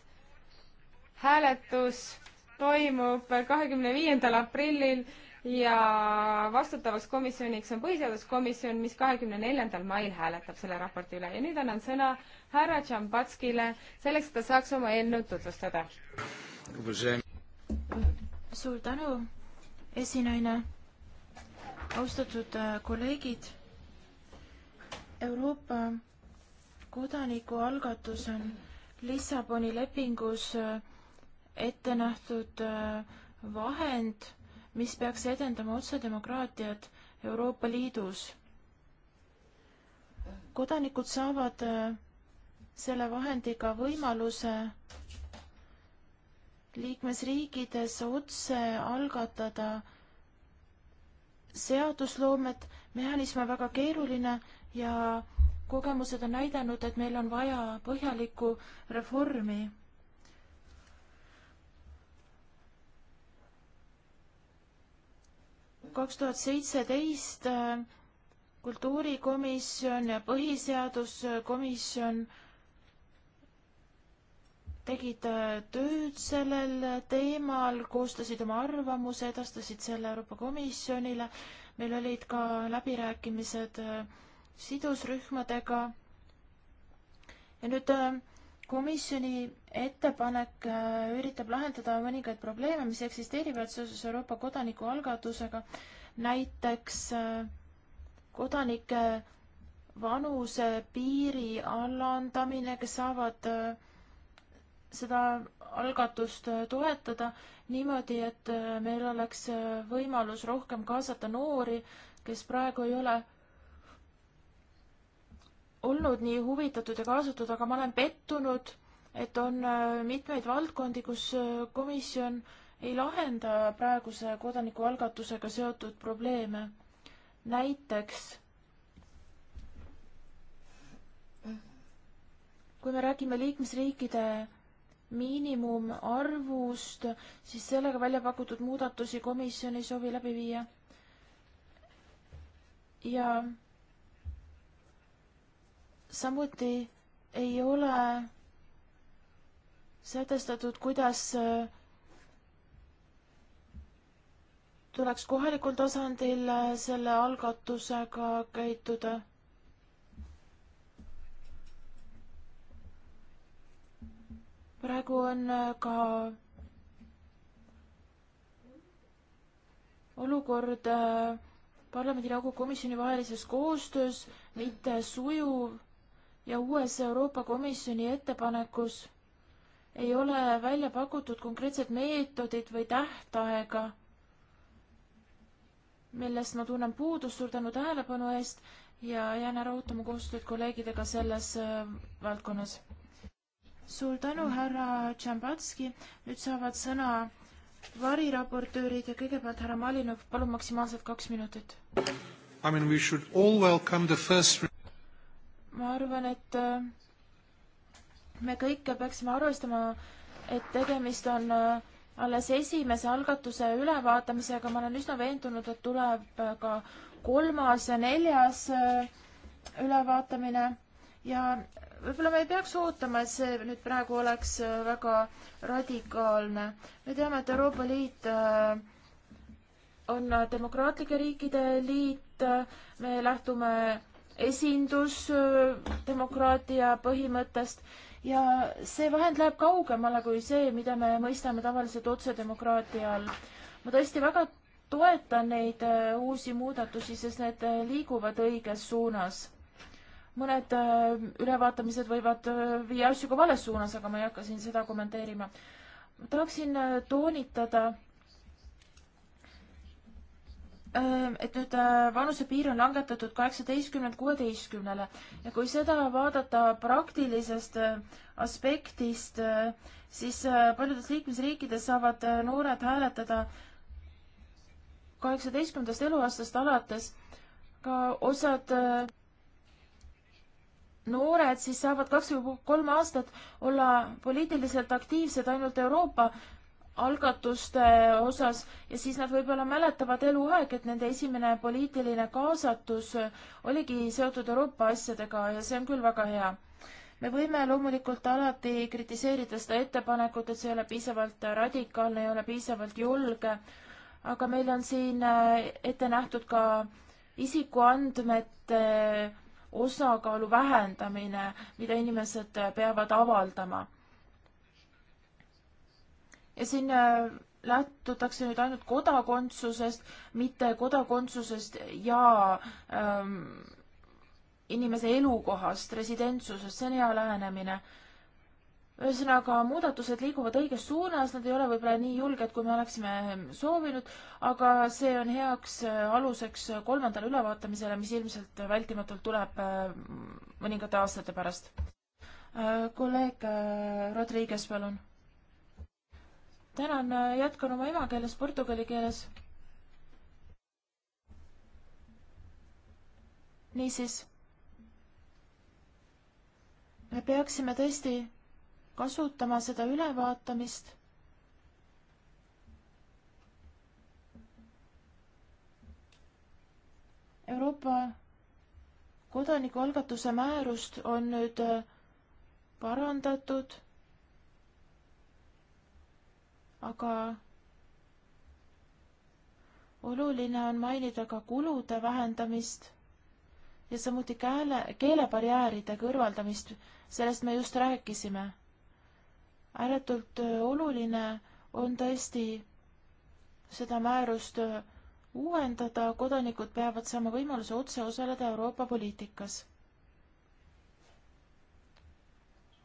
hääletus toimub kahekümne viiendal aprillil ja vastutavaks komisjoniks on põhiseaduskomisjon, mis kahekümne neljandal mail hääletab selle raporti üle ja nüüd annan sõna härra Tšambatskile selleks, et ta saaks oma eelnõu tutvustada. suur tänu, esinaine. austatud äh, kolleegid. Euroopa kodanikualgatus on Lissaboni lepingus äh, ette nähtud äh, vahend mis peaks edendama otsedemokraatiat Euroopa Liidus. kodanikud saavad äh, selle vahendiga võimaluse liikmesriikides otse algatada seadusloomet, mehhanism on väga keeruline ja kogemused on näidanud, et meil on vaja põhjalikku reformi kaks tuhat seitseteist äh, kultuurikomisjon ja põhiseaduskomisjon tegid äh, tööd sellel teemal, koostasid oma arvamuse, edastasid selle Euroopa Komisjonile. meil olid ka läbirääkimised äh, sidusrühmadega. ja nüüd komisjoni ettepanek äh, üritab lahendada mõningaid probleeme, mis eksisteerivad seoses Euroopa kodanikualgatusega, näiteks äh, kodanike vanusepiiri alandamine, kes saavad äh, seda algatust toetada niimoodi, et meil oleks võimalus rohkem kaasata noori, kes praegu ei ole olnud nii huvitatud ja kaasatud, aga ma olen pettunud, et on äh, mitmeid valdkondi, kus äh, komisjon ei lahenda praeguse kodanikualgatusega seotud probleeme. näiteks kui me räägime liikmesriikide miinimumarvust, siis sellega välja pakutud muudatusi komisjon ei soovi läbi viia. ja samuti ei ole sätestatud, kuidas äh, tuleks kohalikul tasandil äh, selle algatusega käituda. praegu on äh, ka olukord parlamendi nõukogu komisjoni vahelises koostöös mitte sujuv ja uues Euroopa Komisjoni ettepanekus ei ole välja pakutud konkreetset meetodit või tähtaega, millest ma tunnen puudust, suur tänu tähelepanu eest ja jään ära ootama koostööd kolleegidega selles äh, valdkonnas. suur tänu, härra Tšambatski, nüüd saavad sõna variraportöörid ja kõigepealt härra Malinov, palun maksimaalselt kaks minutit. I mean we should all welcome the first ma arvan, et äh, me kõik peaksime arvestama, et tegemist on äh, alles esimese algatuse ülevaatamisega, ma olen üsna veendunud, et tuleb äh, ka kolmas ja neljas ülevaatamine ja võib-olla me ei peaks ootama, et see nüüd praegu oleks väga radikaalne. me teame, et Euroopa Liit on demokraatlike riikide liit, me lähtume esindusdemokraatia äh, põhimõttest ja see vahend läheb kaugemale kui see, mida me mõistame tavaliselt otsedemokraatia all. ma tõesti väga toetan neid äh, uusi muudatusi, sest need äh, liiguvad õiges suunas. mõned ülevaatamised võivad viia asju ka vales suunas, aga ma ei hakka siin seda kommenteerima. ma tahaksin toonitada, et nüüd äh, vanusepiir on langetatud kaheksateistkümnelt kuueteistkümnele ja kui seda vaadata praktilisest äh, aspektist, äh, siis paljudes liikmesriikides saavad noored hääletada kaheksateistkümnendast eluaastast alates. ka osad noored siis saavad kakskümmend kolm aastat olla poliitiliselt aktiivsed ainult Euroopa algatuste osas ja siis nad võib-olla mäletavad eluaeg, et nende esimene poliitiline kaasatus oligi seotud Euroopa asjadega ja see on küll väga hea. me võime loomulikult alati kritiseerida seda ettepanekut, et see ei ole piisavalt radikaalne, ei ole piisavalt julge, aga meil on siin äh, ette nähtud ka isikuandmete äh, osakaalu vähendamine, mida inimesed peavad avaldama ja siin äh, lähtutakse nüüd ainult kodakondsusest, mitte kodakondsusest ja ähm, inimese elukohast, residentsusest, see on hea lähenemine. ühesõnaga, muudatused liiguvad õiges suunas, nad ei ole võib-olla nii julged, kui me oleksime soovinud, aga see on heaks äh, aluseks kolmandale ülevaatamisele, mis ilmselt vältimatult tuleb äh, mõningate aastate pärast. kolleeg Rodriguez, palun tänan, äh, jätkan oma emakeeles, portugali keeles. niisiis, me peaksime tõesti kasutama seda ülevaatamist Euroopa kodanikualgatuse määrust on nüüd äh, parandatud aga oluline on mainida ka kulude vähendamist ja samuti keele, keelebarjääride kõrvaldamist, sellest me just rääkisime. ääretult oluline on tõesti seda määrust uuendada, kodanikud peavad saama võimaluse otse osaleda Euroopa poliitikas.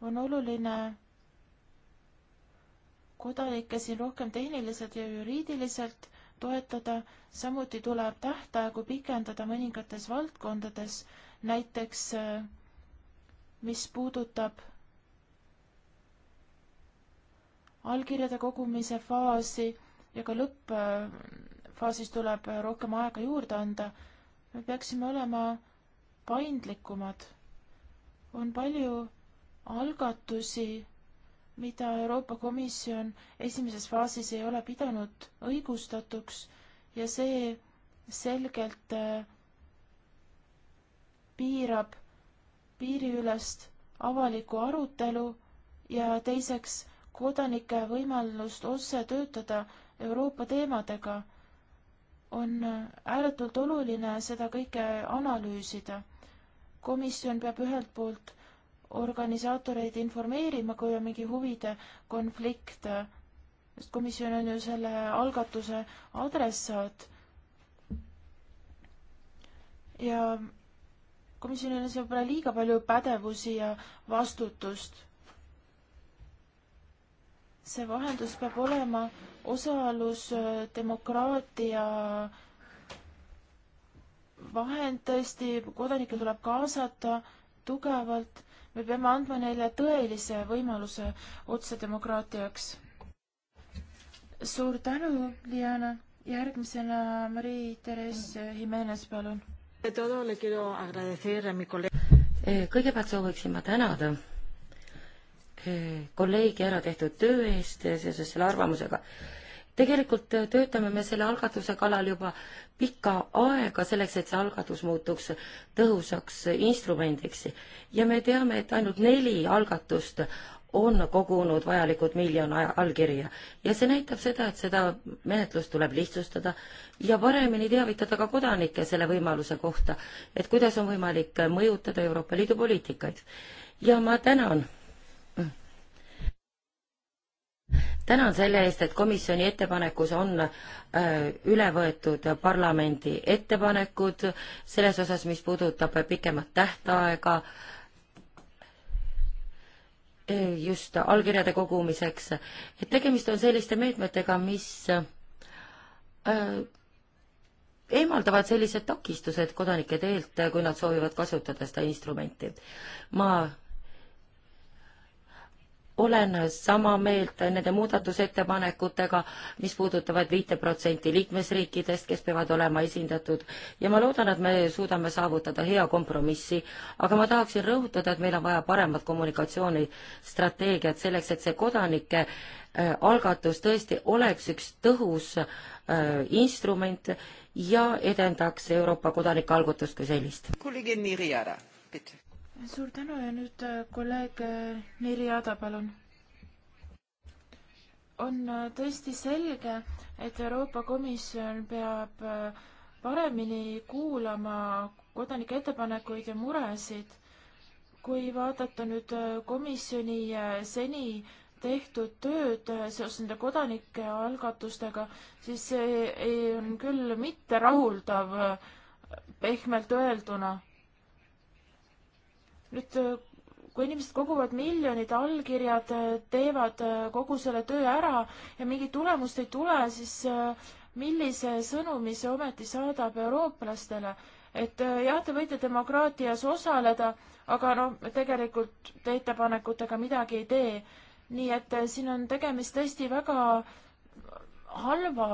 on oluline kodanikke siin rohkem tehniliselt ja juriidiliselt toetada, samuti tuleb tähtaegu pikendada mõningates valdkondades, näiteks äh, mis puudutab allkirjade kogumise faasi ja ka lõppfaasis tuleb rohkem aega juurde anda, me peaksime olema paindlikumad. on palju algatusi mida Euroopa Komisjon esimeses faasis ei ole pidanud õigustatuks ja see selgelt äh, piirab piiriülest avalikku arutelu ja teiseks kodanike võimalust otse töötada Euroopa teemadega. on äh, ääretult oluline seda kõike analüüsida. komisjon peab ühelt poolt organisaatoreid informeerima, kui on mingi huvide konflikt, sest komisjon on ju selle algatuse adressaat. ja komisjonil on seal võib-olla liiga palju pädevusi ja vastutust. see vahendus peab olema osalus äh, demokraatia vahend tõesti, kodanikke tuleb kaasata tugevalt me peame andma neile tõelise võimaluse otsedemokraatiaks. suur tänu, Liana. järgmisena Marie-Therese Jimenez, palun. kõigepealt sooviksin ma tänada eh, kolleegi ära tehtud töö eest seoses selle arvamusega tegelikult töötame me selle algatuse kallal juba pikka aega selleks, et see algatus muutuks tõhusaks instrumendiks ja me teame, et ainult neli algatust on kogunud vajalikud miljon allkirja ja see näitab seda, et seda menetlust tuleb lihtsustada ja paremini teavitada ka kodanikke selle võimaluse kohta, et kuidas on võimalik mõjutada Euroopa Liidu poliitikaid. ja ma tänan tänan selle eest, et komisjoni ettepanekus on äh, üle võetud parlamendi ettepanekud selles osas, mis puudutab pikemat tähtaega äh, just allkirjade kogumiseks, et tegemist on selliste meetmetega, mis äh, eemaldavad sellised takistused kodanike teelt, kui nad soovivad kasutada seda instrumenti. ma olen sama meelt nende muudatusettepanekutega, mis puudutavad viite protsenti liikmesriikidest, kes peavad olema esindatud ja ma loodan, et me suudame saavutada hea kompromissi, aga ma tahaksin rõhutada, et meil on vaja paremat kommunikatsioonistrateegiat selleks, et see kodanike äh, algatus tõesti oleks üks tõhus äh, instrument ja edendaks Euroopa kodanikualgutust kui sellist. kolleeg Mirjara, bitte suur tänu ja nüüd äh, kolleeg äh, Merry Aada, palun. on äh, tõesti selge, et Euroopa Komisjon peab paremini kuulama kodanike ettepanekuid ja muresid. kui vaadata nüüd komisjoni seni tehtud tööd seoses nende kodanike algatustega, siis see on küll mitterahuldav, pehmelt öelduna nüüd äh, kui inimesed koguvad miljonid allkirjad, äh, teevad äh, kogu selle töö ära ja mingit tulemust ei tule, siis millise sõnumi see ometi saadab eurooplastele? et jah, te võite demokraatias osaleda, aga noh, tegelikult te ettepanekutega midagi ei tee. nii et siin on tegemist tõesti väga halva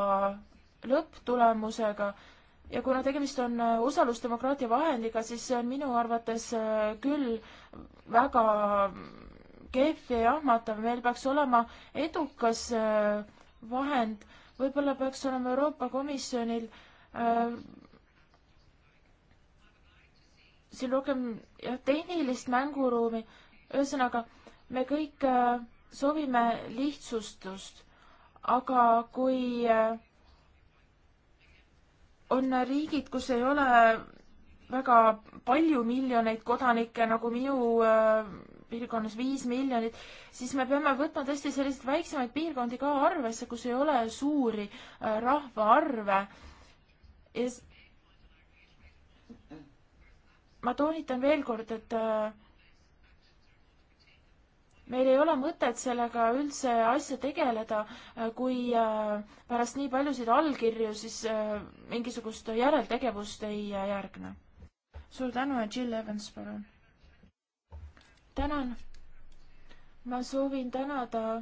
lõpptulemusega ja kuna tegemist on osalusdemokraatia äh, vahendiga, siis see on minu arvates äh, küll väga kehv ja jahmatav, meil peaks olema edukas äh, vahend, võib-olla peaks olema Euroopa Komisjonil äh, siin rohkem jah, tehnilist mänguruumi, ühesõnaga me kõik äh, soovime lihtsustust, aga kui äh, on riigid, kus ei ole väga palju miljoneid kodanikke, nagu minu äh, piirkonnas viis miljonit, siis me peame võtma tõesti selliseid väiksemaid piirkondi ka arvesse, kus ei ole suuri äh, rahvaarve. ja ma toonitan veel kord, et äh, meil ei ole mõtet sellega üldse asja tegeleda, kui äh, pärast nii paljusid allkirju siis äh, mingisugust järeltegevust ei äh, järgne. suur tänu ja Jill Evans, palun. tänan. ma soovin tänada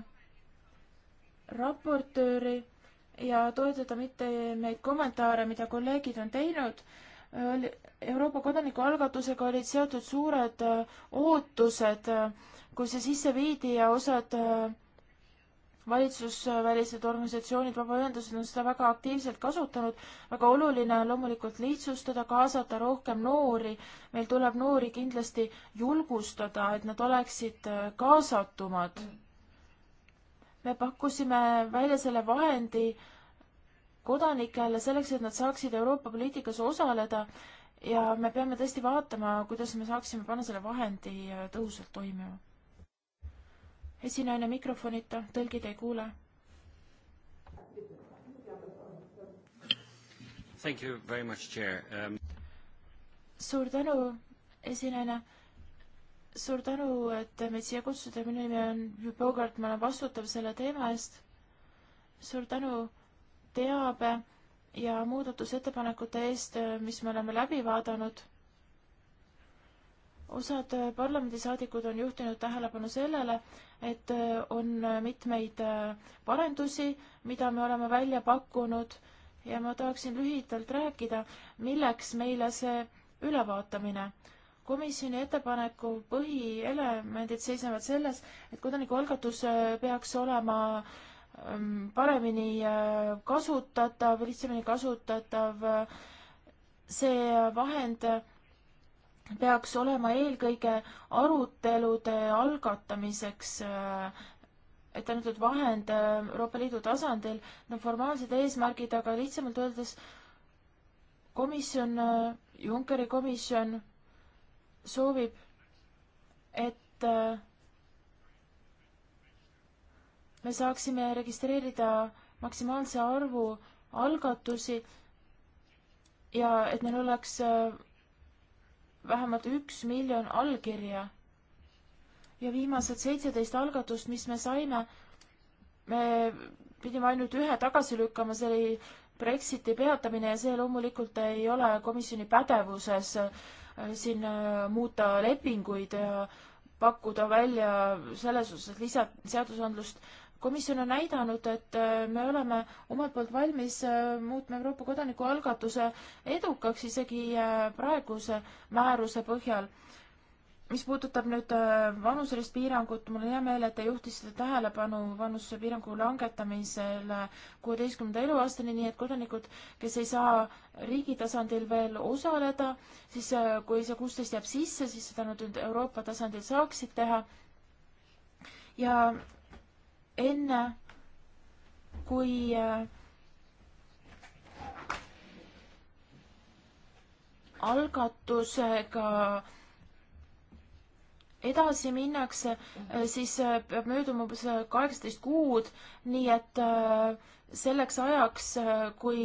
raportööri ja toetada mitte neid kommentaare, mida kolleegid on teinud Euroopa kodanikualgatusega olid seotud suured ootused kui see sisse viidi ja osad äh, valitsusvälised organisatsioonid, vabaühendused on seda väga aktiivselt kasutanud. väga oluline on loomulikult lihtsustada, kaasata rohkem noori. meil tuleb noori kindlasti julgustada, et nad oleksid äh, kaasatumad. me pakkusime välja selle vahendi kodanikele selleks, et nad saaksid Euroopa poliitikas osaleda ja me peame tõesti vaatama, kuidas me saaksime panna selle vahendi äh, tõhusalt toimima esinaine mikrofonita, tõlgid ei kuule. Thank you very much, chair um.... suur tänu, esinaine. suur tänu, et meid siia kutsuda, minu nimi on Bogart, ma olen vastutav selle teema eest. suur tänu teabe ja muudatusettepanekute eest, mis me oleme läbi vaadanud osad parlamendisaadikud on juhtinud tähelepanu sellele, et äh, on äh, mitmeid äh, parendusi, mida me oleme välja pakkunud ja ma tahaksin lühidalt rääkida, milleks meile see ülevaatamine. komisjoni ettepaneku põhielemendid seisnevad selles, et kodanikualgatus peaks olema ähm, paremini kasutatav, lihtsamini kasutatav, see vahend peaks olema eelkõige arutelude algatamiseks äh, ette antud vahend äh, Euroopa Liidu tasandil, no formaalsed eesmärgid, aga lihtsamalt öeldes komisjon, äh, Junckeri komisjon soovib, et me saaksime registreerida maksimaalse arvu algatusi ja et neil oleks vähemalt üks miljon allkirja. ja viimased seitseteist algatust, mis me saime, me pidime ainult ühe tagasi lükkama, see oli Brexiti peatamine ja see loomulikult ei ole komisjoni pädevuses äh, siin äh, muuta lepinguid ja pakkuda välja selles osas lisa, seadusandlust, komisjon on näidanud, et äh, me oleme omalt poolt valmis äh, muutma Euroopa kodanikualgatuse edukaks isegi äh, praeguse määruse põhjal. mis puudutab nüüd vanuselist piirangut, mul on hea meel, et te juhtisite tähelepanu vanusepiirangu langetamisele kuueteistkümnenda eluaastani, nii et kodanikud, kes ei saa riigi tasandil veel osaleda, siis kui see kuusteist jääb sisse, siis seda nad nüüd Euroopa tasandil saaksid teha ja enne kui äh, algatusega edasi minnakse, äh, siis äh, peab mööduma umbes kaheksateist kuud, nii et selleks ajaks, kui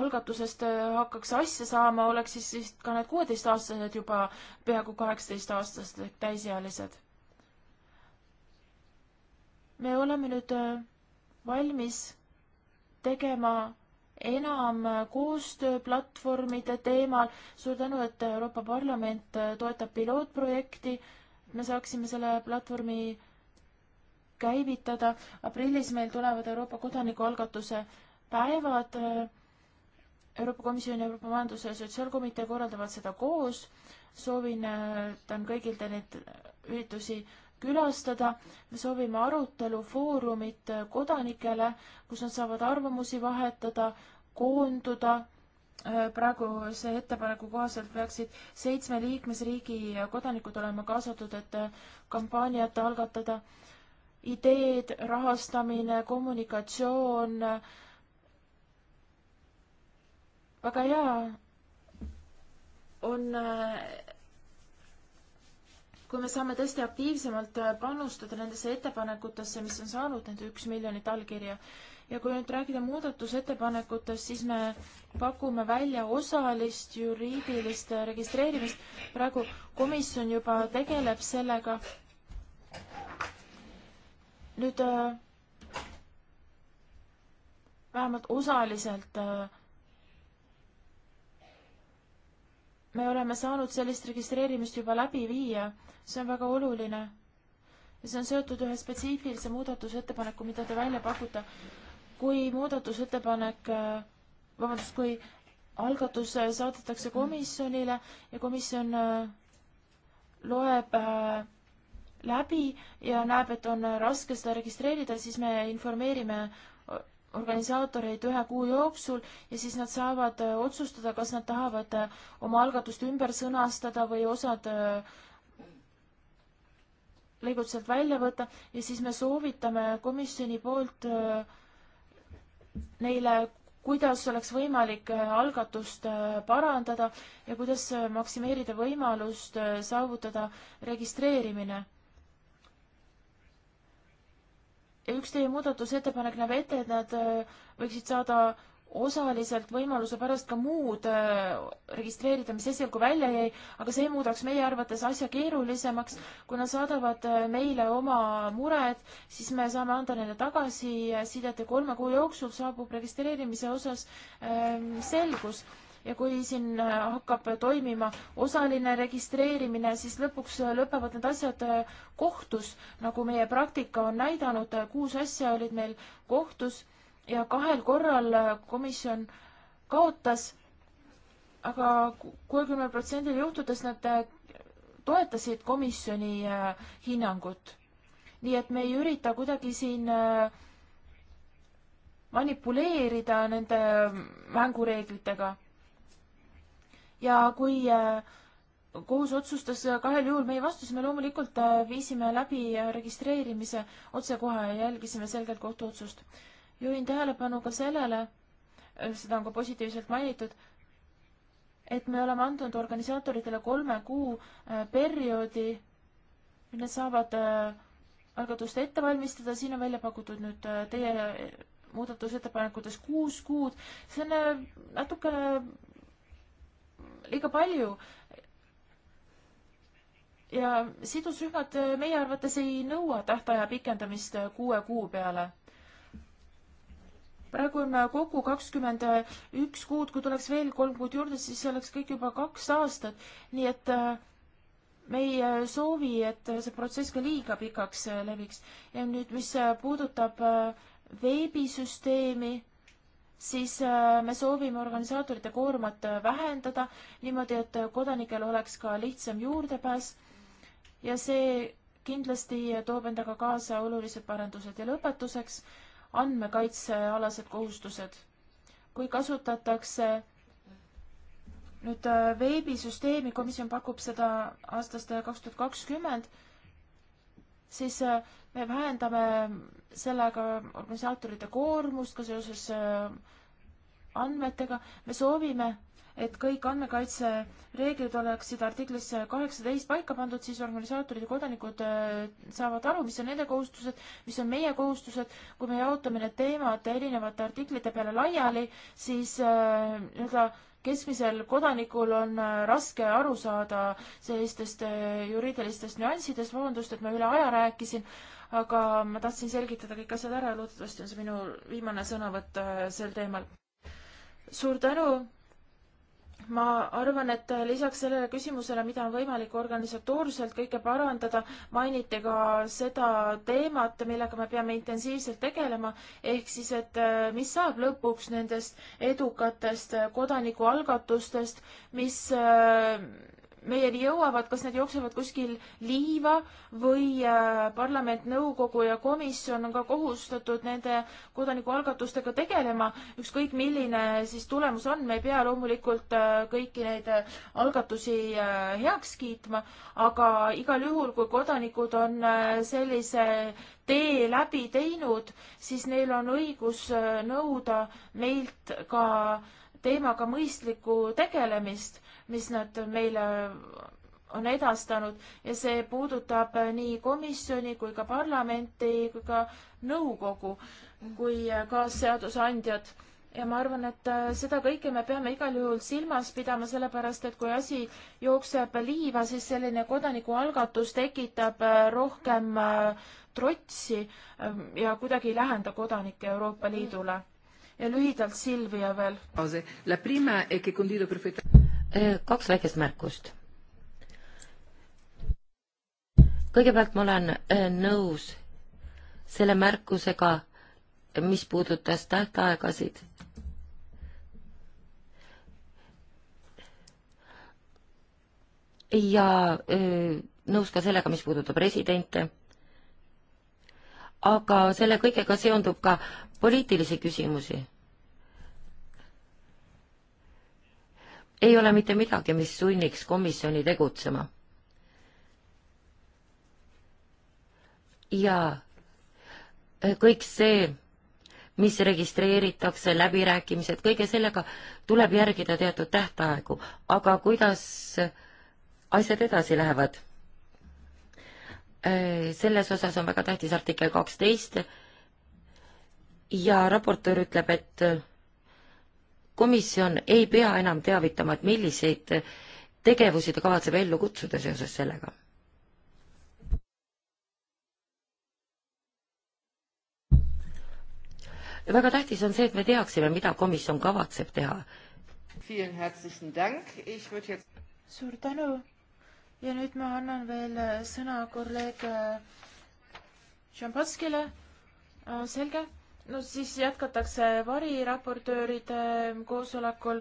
algatusest hakkaks asja saama, oleks siis, siis ka need kuueteistaastased juba peaaegu kaheksateist aastased ehk täisealised me oleme nüüd äh, valmis tegema enam äh, koostööplatvormide teemal. suur tänu, et Euroopa Parlament äh, toetab pilootprojekti, et me saaksime selle platvormi käivitada. aprillis meil tulevad Euroopa kodanikualgatuse päevad. Euroopa Komisjon ja Euroopa Majandus- ja Sotsiaalkomitee korraldavad seda koos. soovin, tahan kõigilt neid üritusi külastada. me soovime arutelufoorumit kodanikele, kus nad saavad arvamusi vahetada, koonduda. Äh, praeguse ettepaneku kohaselt peaksid seitsme liikmesriigi kodanikud olema kaasatud, et äh, kampaaniat algatada. ideed, rahastamine, kommunikatsioon. Äh, väga hea on kui me saame tõesti aktiivsemalt äh, panustada nendesse ettepanekutesse, mis on saanud need üks miljonit allkirja. ja kui nüüd rääkida muudatusettepanekutest, siis me pakume välja osalist juriidilist äh, registreerimist. praegu komisjon juba tegeleb sellega. nüüd äh, vähemalt osaliselt me oleme saanud sellist registreerimist juba läbi viia see on väga oluline. ja see on seotud ühe spetsiifilise muudatusettepaneku, mida te välja pakute. kui muudatusettepanek, äh, vabandust, kui algatus äh, saadetakse komisjonile ja komisjon äh, loeb läbi ja näeb, et on raske seda registreerida, siis me informeerime organisaatoreid ühe kuu jooksul ja siis nad saavad otsustada, kas nad tahavad oma algatust ümber sõnastada või osad lõigud sealt välja võtta ja siis me soovitame komisjoni poolt äh, neile, kuidas oleks võimalik äh, algatust äh, parandada ja kuidas maksimeerida võimalust saavutada registreerimine. ja üks teie muudatusettepanek näeb ette, et nad võiksid saada osaliselt võimaluse pärast ka muud äh, registreerida, mis esialgu välja jäi, aga see muudaks meie arvates asja keerulisemaks. kui nad saadavad äh, meile oma mured, siis me saame anda neile tagasisidet ja kolme kuu jooksul saabub registreerimise osas ähm, selgus ja kui siin äh, hakkab toimima osaline registreerimine, siis lõpuks lõpevad need asjad kohtus, nagu meie praktika on näidanud, kuus asja olid meil kohtus ja kahel korral komisjon kaotas aga, aga kuuekümnel protsendil juhtudest nad äh, toetasid komisjoni äh, hinnangut. nii et me ei ürita kuidagi siin äh, manipuleerida nende mängureeglitega. ja kui kohus otsustas kahel juhul meie vastu, siis me loomulikult viisime läbi registreerimise otsekohe ja jälgisime selgelt kohtuotsust juhin tähelepanu ka sellele, seda on ka positiivselt mainitud, et me oleme andnud organisaatoritele kolme kuu äh, perioodi, mille saavad äh, algatust ette valmistada, siin on välja pakutud nüüd äh, teie muudatusettepanekutes kuus kuud, see on natukene liiga palju. ja sidusrühmad meie arvates ei nõua tähtaja pikendamist kuue kuu peale praegu on kokku kakskümmend üks kuud, kui tuleks veel kolm kuud juurde, siis see oleks kõik juba kaks aastat, nii et äh, me ei äh, soovi, et äh, see protsess ka liiga pikaks leviks. ja nüüd, mis puudutab veebisüsteemi, siis me soovime organisaatorite koormat vähendada niimoodi, et kodanikel oleks ka lihtsam juurdepääs ja see kindlasti toob endaga kaasa olulised parandused ja lõpetuseks andmekaitsealased kohustused. kui kasutatakse nüüd äh, veebisüsteemi, komisjon pakub seda aastast äh, kaks tuhat kakskümmend, siis äh, me vähendame sellega organisaatorite koormust ka seoses andmetega, me soovime, et kõik andmekaitsereeglid oleksid artiklis kaheksateist paika pandud, siis organisaatorid ja kodanikud äh, saavad aru, mis on nende kohustused, mis on meie kohustused. kui me jaotame need teemad erinevate artiklite peale laiali, siis äh, nii-öelda äh, keskmisel kodanikul on äh, raske aru saada sellistest juriidilistest nüanssidest, vabandust, et ma üle aja rääkisin, aga ma tahtsin selgitada kõik asjad ära ja loodetavasti on see minu viimane sõnavõtt sel teemal. suur tänu ma arvan, et lisaks sellele küsimusele, mida on võimalik organisatoorselt kõike parandada, mainiti ka seda teemat, millega me peame intensiivselt tegelema, ehk siis, et eh, mis saab lõpuks nendest edukatest kodanikualgatustest, mis eh, meieni jõuavad, kas need jooksevad kuskil liiva või äh, parlament, nõukogu ja komisjon on ka kohustatud nende kodanikualgatustega tegelema, ükskõik milline siis tulemus on, me ei pea loomulikult äh, kõiki neid äh, algatusi heaks kiitma, aga igal juhul, kui kodanikud on sellise tee läbi teinud, siis neil on õigus nõuda meilt ka teemaga mõistlikku tegelemist mis nad meile on edastanud ja see puudutab nii komisjoni kui ka parlamenti kui ka nõukogu kui kaasseadusandjad. ja ma arvan, et äh, seda kõike me peame igal juhul silmas pidama, sellepärast et kui asi jookseb liiva, siis selline kodanikualgatus tekitab äh, rohkem äh, trotsi ähm, ja kuidagi ei lähenda kodanikke Euroopa Liidule. ja lühidalt Silvia veel kaks väikest märkust. kõigepealt ma olen nõus selle märkusega, mis puudutas tähtaegasid. ja nõus ka sellega, mis puudutab residente. aga selle kõigega seondub ka poliitilisi küsimusi ei ole mitte midagi, mis sunniks komisjoni tegutsema. ja äh, kõik see, mis registreeritakse, läbirääkimised, kõige sellega tuleb järgida teatud tähtaegu, aga kuidas asjad edasi lähevad? Äh, selles osas on väga tähtis artikkel kaksteist ja raportöör ütleb, et komisjon ei pea enam teavitama, et milliseid tegevusi ta kavatseb ellu kutsuda seoses sellega. väga tähtis on see, et me teaksime, mida komisjon kavatseb teha. suur tänu ja nüüd ma annan veel äh, sõna kolleeg äh, Šambatskile. Äh, selge no siis jätkatakse variraportööride koosolekul.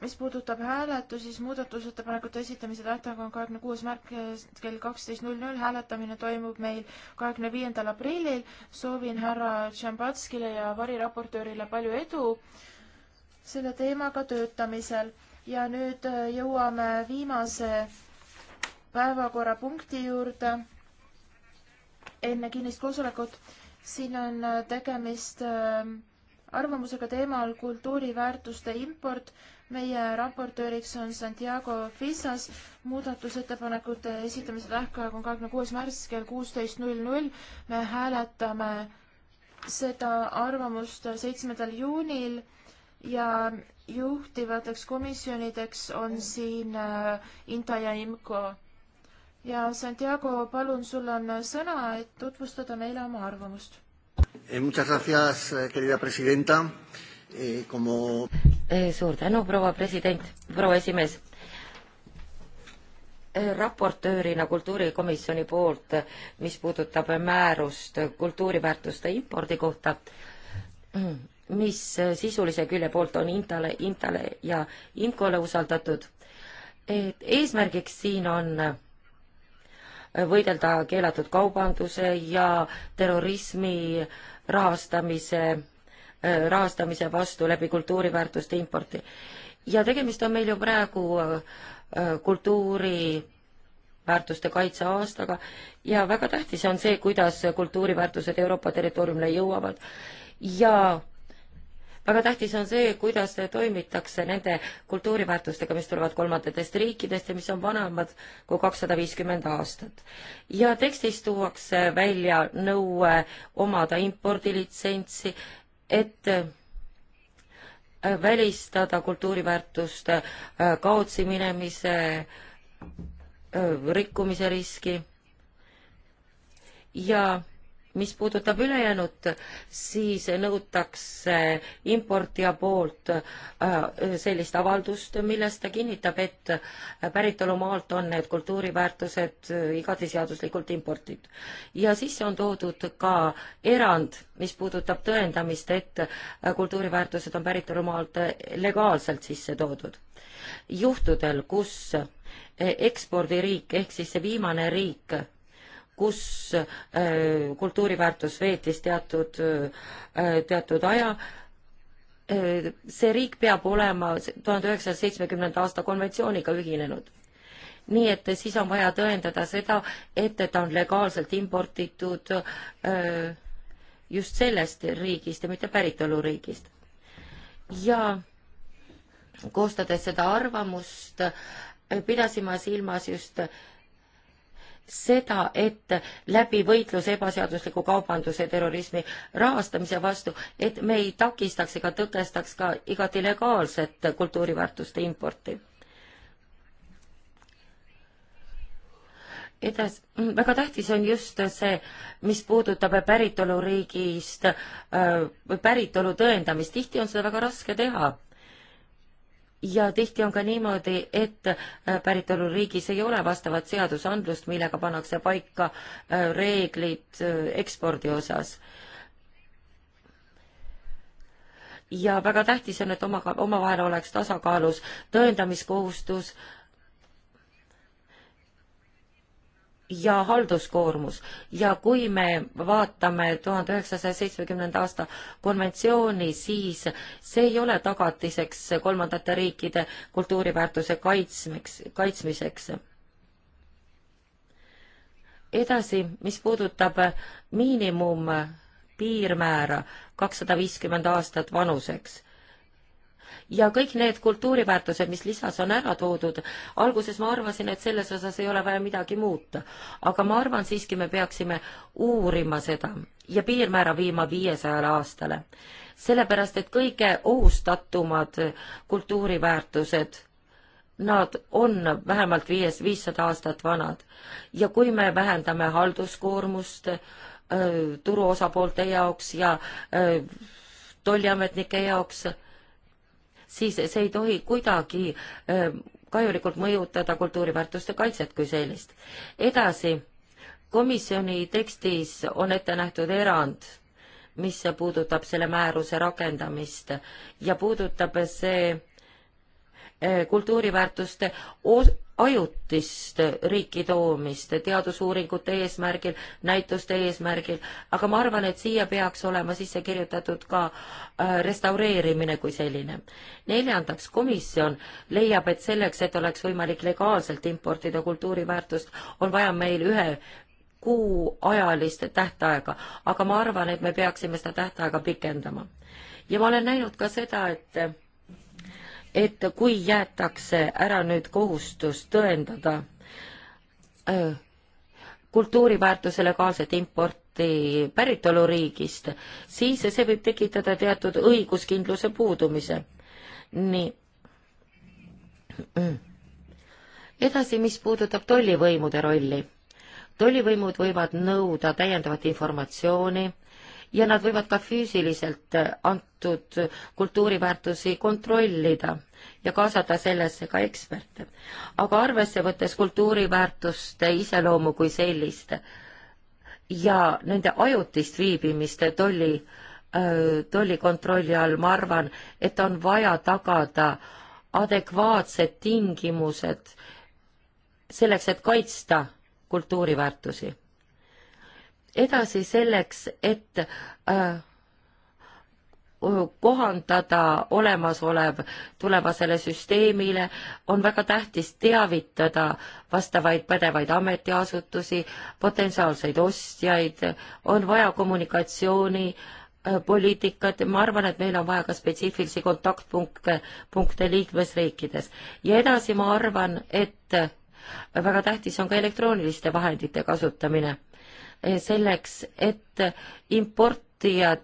mis puudutab hääletusi, siis muudatusettepanekute esitamise tähtaeg on kahekümne kuues märk kell kaksteist null null, hääletamine toimub meil kahekümne viiendal aprillil. soovin härra Tšambatskile ja variraportöörile palju edu selle teemaga töötamisel ja nüüd äh, jõuame viimase päevakorrapunkti juurde enne kinnist koosolekut siin on äh, tegemist ähm, arvamusega teemal kultuuriväärtuste import. meie raportööriks on Santiago Fissas. muudatusettepanekute esitamise tähtaeg on kahekümne kuues märts kell kuusteist null null. me hääletame seda arvamust seitsmendal juunil ja juhtivateks komisjonideks on siin äh, INTA ja IMCO ja Santiago, palun, sul on sõna, et tutvustada meile oma arvamust. Eh, muchas gracias, eh, querida presidenta. Eh, como... suur tänu, proua president, proua esimees raportöörina kultuurikomisjoni poolt, mis puudutab määrust kultuuriväärtuste impordi kohta, mis sisulise külje poolt on Intale, Intale ja Inkole usaldatud. et eesmärgiks siin on võidelda keelatud kaubanduse ja terrorismi rahastamise, rahastamise vastu läbi kultuuriväärtuste importi. ja tegemist on meil ju praegu äh, kultuuri väärtuste kaitse aastaga ja väga tähtis on see, kuidas kultuuriväärtused Euroopa territooriumile jõuavad ja väga tähtis on see, kuidas toimitakse nende kultuuriväärtustega, mis tulevad kolmandatest riikidest ja mis on vanemad kui kakssada viiskümmend aastat. ja tekstis tuuakse välja nõue omada impordilitsentsi, et äh, välistada kultuuriväärtuste äh, kaotsi minemise äh, rikkumise riski ja mis puudutab ülejäänut, siis nõutakse importija poolt äh, sellist avaldust, milles ta kinnitab, et päritolumaalt on need kultuuriväärtused äh, igati seaduslikult imporditud. ja sisse on toodud ka erand, mis puudutab tõendamist, et äh, kultuuriväärtused on päritolumaalt legaalselt sisse toodud. juhtudel, kus ekspordiriik ehk siis see viimane riik kus äh, kultuuriväärtus veetis teatud, äh, teatud aja, äh, see riik peab olema tuhande üheksasaja seitsmekümnenda aasta konventsiooniga ühinenud. nii et siis on vaja tõendada seda, et ta on legaalselt imporditud just sellest riigist ja mitte päritoluriigist. ja koostades seda arvamust, pidasin ma silmas just seda, et läbi võitluse ebaseadusliku kaubanduse ja terrorismi rahastamise vastu, et me ei takistaks ega tõkestaks ka igati legaalset kultuuriväärtuste importi. edas-, väga tähtis on just see, mis puudutab päritoluriigist, äh, päritolu tõendamist, tihti on seda väga raske teha ja tihti on ka niimoodi, et äh, päritoluriigis ei ole vastavat seadusandlust, millega pannakse paika äh, reeglid äh, ekspordi osas. ja väga tähtis on, et oma, omavahel oleks tasakaalus tõendamiskohustus äh, ja halduskoormus ja kui me vaatame tuhande üheksasaja seitsmekümnenda aasta konventsiooni, siis see ei ole tagatiseks kolmandate riikide kultuuriväärtuse kaitsmeks, kaitsmiseks. edasi, mis puudutab miinimum piirmäära kakssada viiskümmend aastat vanuseks, ja kõik need kultuuriväärtused, mis lisas on ära toodud, alguses ma arvasin, et selles osas ei ole vaja midagi muuta, aga ma arvan siiski me peaksime uurima seda ja piirmäära viima viiesajale aastale. sellepärast, et kõige ohustatumad kultuuriväärtused Nad on vähemalt viies, viissada aastat vanad ja kui me vähendame halduskoormust öö, äh, turu osapoolte jaoks ja öö, äh, tolliametnike jaoks, siis see ei tohi kuidagi ähm, kahjulikult mõjutada kultuuriväärtuste kaitset kui sellist. edasi, komisjoni tekstis on ette nähtud erand, mis puudutab selle määruse rakendamist ja puudutab see Eh, kultuuriväärtuste ajutist riiki toomist teadusuuringute eesmärgil, näituste eesmärgil, aga ma arvan, et siia peaks olema sisse kirjutatud ka äh, restaureerimine kui selline. neljandaks, komisjon leiab, et selleks, et oleks võimalik legaalselt importida kultuuriväärtust, on vaja meil ühe kuu ajalist tähtaega, aga ma arvan, et me peaksime seda tähtaega pikendama. ja ma olen näinud ka seda, et et kui jäetakse ära nüüd kohustus tõendada äh, kultuuriväärtuse legaalset importi päritoluriigist, siis see võib tekitada teatud õiguskindluse puudumise. nii. edasi, mis puudutab tollivõimude rolli. tollivõimud võivad nõuda täiendavat informatsiooni ja nad võivad ka füüsiliselt äh, antud kultuuriväärtusi kontrollida ja kaasata sellesse ka eksperte. aga arvesse võttes kultuuriväärtuste iseloomu kui sellist ja nende ajutist viibimist tolli, äh, tollikontrolli all, ma arvan, et on vaja tagada adekvaatsed tingimused selleks, et kaitsta kultuuriväärtusi edasi selleks, et äh, kohandada olemasolev tulevasele süsteemile, on väga tähtis teavitada vastavaid pädevaid ametiasutusi, potentsiaalseid ostjaid, on vaja kommunikatsiooni, äh, poliitikat, ma arvan, et meil on vaja ka spetsiifilisi kontaktpunkte, punkte liikmesriikides. ja edasi ma arvan, et äh, väga tähtis on ka elektrooniliste vahendite kasutamine selleks, et importijad,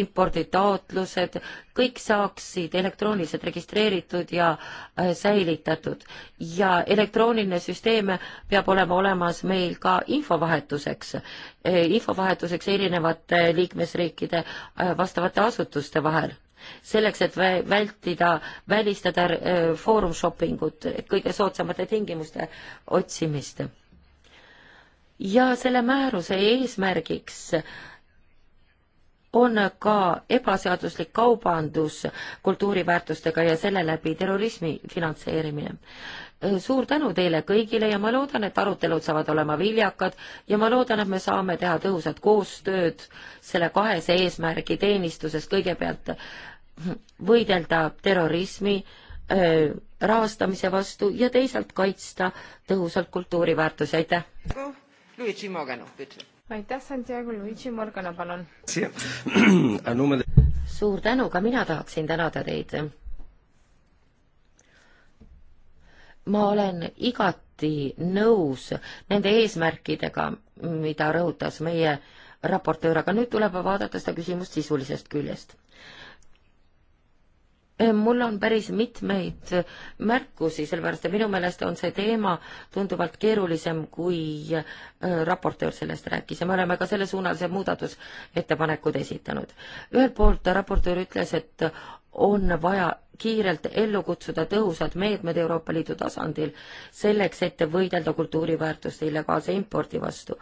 imporditaotlused, kõik saaksid elektrooniliselt registreeritud ja äh, säilitatud. ja elektrooniline süsteem peab olema olemas meil ka infovahetuseks, äh, infovahetuseks erinevate liikmesriikide äh, vastavate asutuste vahel selleks, et vältida, välistada foorum shopping ut, kõige soodsamate tingimuste otsimist ja selle määruse eesmärgiks on ka ebaseaduslik kaubandus kultuuriväärtustega ja selle läbi terrorismi finantseerimine. suur tänu teile kõigile ja ma loodan, et arutelud saavad olema viljakad ja ma loodan, et me saame teha tõhusat koostööd selle kahese eesmärgi teenistuses, kõigepealt võidelda terrorismi rahastamise vastu ja teisalt kaitsta tõhusalt kultuuriväärtusi, aitäh! Luigi Morgano, bitte. aitäh, Santiago, Luigi Morgano, palun. suur tänu, ka mina tahaksin tänada teid. ma olen igati nõus nende eesmärkidega, mida rõhutas meie raportöör, aga nüüd tuleb vaadata seda küsimust sisulisest küljest. Ehm, mul on päris mitmeid äh, märkusi, sellepärast et minu meelest on see teema tunduvalt keerulisem, kui äh, raportöör sellest rääkis ja me oleme ka sellesuunalise muudatusettepanekud esitanud. ühelt poolt raportöör ütles, et on vaja kiirelt ellu kutsuda tõhusad meetmed Euroopa Liidu tasandil selleks, et võidelda kultuuriväärtuste illegaalse impordi vastu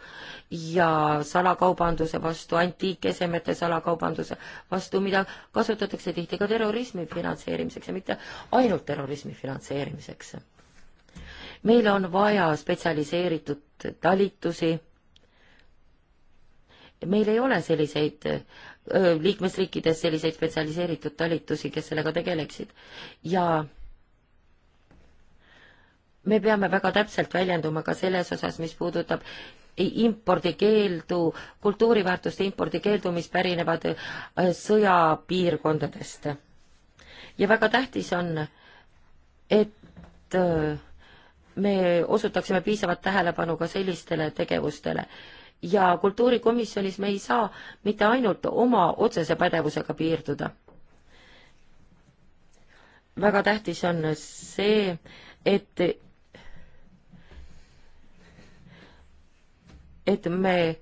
ja salakaubanduse vastu, antiikesemete salakaubanduse vastu, mida kasutatakse tihti ka terrorismi finantseerimiseks ja mitte ainult terrorismi finantseerimiseks. meil on vaja spetsialiseeritud talitusi, meil ei ole selliseid liikmesriikides selliseid spetsialiseeritud talitusi, kes sellega tegeleksid. ja me peame väga täpselt väljenduma ka selles osas, mis puudutab impordikeeldu, kultuuriväärtuste impordikeeldu, mis pärinevad sõjapiirkondadest. ja väga tähtis on, et me osutaksime piisavat tähelepanu ka sellistele tegevustele ja kultuurikomisjonis me ei saa mitte ainult oma otsese pädevusega piirduda. väga tähtis on see, et, et me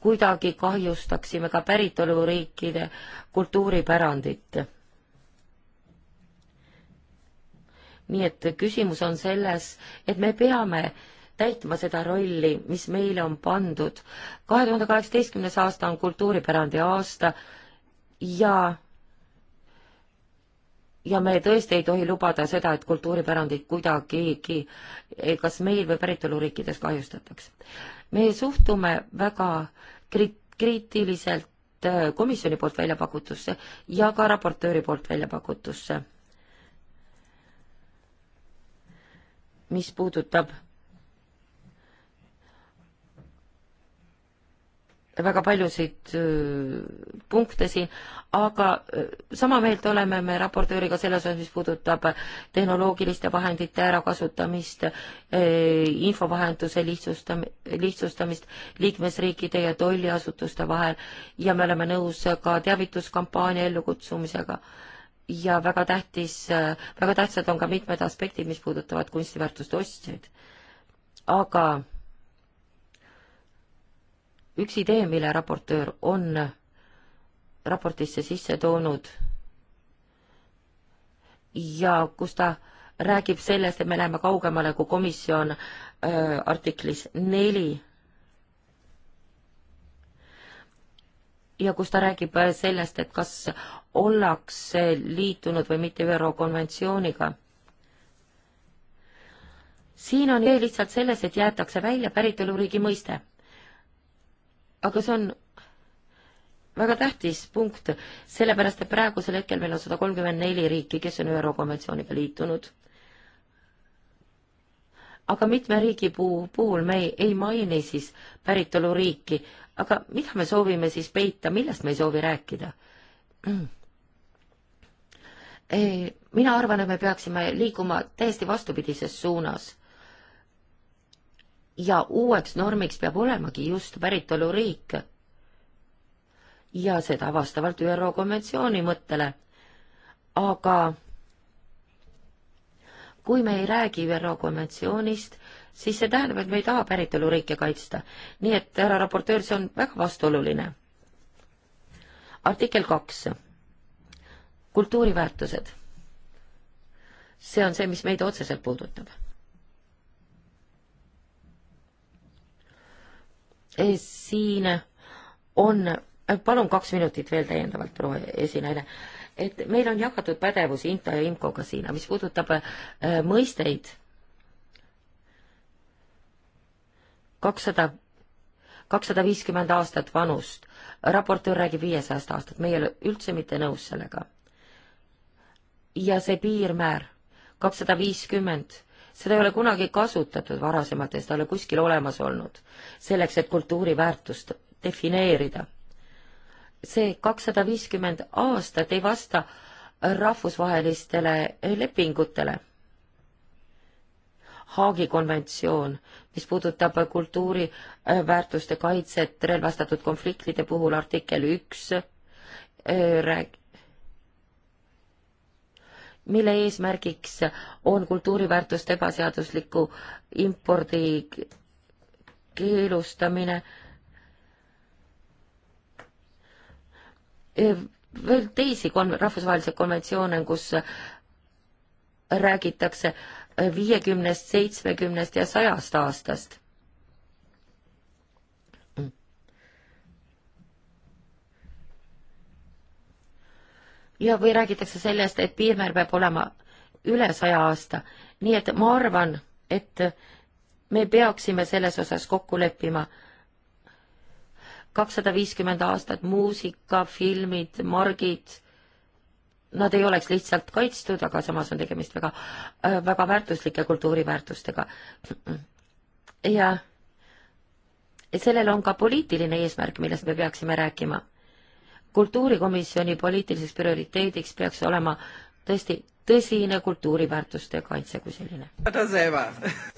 kuidagi kahjustaksime ka päritoluriikide kultuuripärandit. nii et küsimus on selles, et me peame täitma seda rolli, mis meile on pandud. kahe tuhande kaheksateistkümnes aasta on kultuuripärandi aasta ja ja me tõesti ei tohi lubada seda, et kultuuripärandit kuidagigi kas meil või päritoluriikides kahjustatakse. me suhtume väga kri-, kriitiliselt äh, komisjoni poolt välja pakutusse ja ka raportööri poolt välja pakutusse, mis puudutab väga paljusid punkte siin, aga sama meelt oleme me raportööriga selles osas, mis puudutab tehnoloogiliste vahendite ärakasutamist, infovahenduse lihtsustam-, lihtsustamist liikmesriikide ja tolliasutuste vahel ja me oleme nõus ka teavituskampaania ellukutsumisega. ja väga tähtis, väga tähtsad on ka mitmed aspektid, mis puudutavad kunstiväärtuste ostjaid. aga üks idee, mille raportöör on raportisse sisse toonud ja kus ta räägib sellest, et me läheme kaugemale kui komisjon äh, artiklis neli. ja kus ta räägib sellest, et kas ollakse liitunud või mitte ÜRO konventsiooniga. siin on idee lihtsalt selles, et jäetakse välja päritoluriigi mõiste aga see on väga tähtis punkt, sellepärast et praegusel hetkel meil on sada kolmkümmend neli riiki, kes on ÜRO konventsiooniga liitunud. aga mitme riigi puu, puhul me ei, ei maini siis päritoluriiki, aga mida me soovime siis peita, millest me ei soovi rääkida? Eh, mina arvan, et me peaksime liikuma täiesti vastupidises suunas ja uueks normiks peab olemagi just päritoluriik. ja seda vastavalt ÜRO konventsiooni mõttele. aga kui me ei räägi ÜRO konventsioonist, siis see tähendab, et me ei taha päritoluriike kaitsta. nii et, härra raportöör, see on väga vastuoluline. artikkel kaks, kultuuriväärtused. see on see, mis meid otseselt puudutab Eh, siin on, eh, palun kaks minutit veel täiendavalt, proua esinaine, et meil on jagatud pädevus INTA ja IMCO-ga siin, mis puudutab eh, mõisteid kakssada, kakssada viiskümmend aastat vanust, raportöör räägib viiesajast aastat, me ei ole üldse mitte nõus sellega. ja see piirmäär kakssada viiskümmend seda ei ole kunagi kasutatud varasemalt ja seda ei ole kuskil olemas olnud, selleks et kultuuriväärtust defineerida. see kakssada viiskümmend aastat ei vasta rahvusvahelistele lepingutele. Haagi konventsioon, mis puudutab kultuuriväärtuste äh, kaitset relvastatud konfliktide puhul, artikkel üks äh, rääg-, mille eesmärgiks on kultuuriväärtuste ebaseadusliku impordi keelustamine. veel teisi kon-, rahvusvahelisi konventsioone, kus räägitakse viiekümnest, seitsmekümnest ja sajast aastast. ja, või räägitakse sellest, et piirmäär peab olema üle saja aasta. nii et ma arvan, et me peaksime selles osas kokku leppima. kakssada viiskümmend aastat muusika, filmid, margid, nad ei oleks lihtsalt kaitstud, aga samas on tegemist väga, äh, väga väärtuslike kultuuriväärtustega. ja sellel on ka poliitiline eesmärk, millest me peaksime rääkima kultuurikomisjoni poliitiliseks prioriteediks peaks olema tõesti tõsine kultuuriväärtuste kaitse kui selline.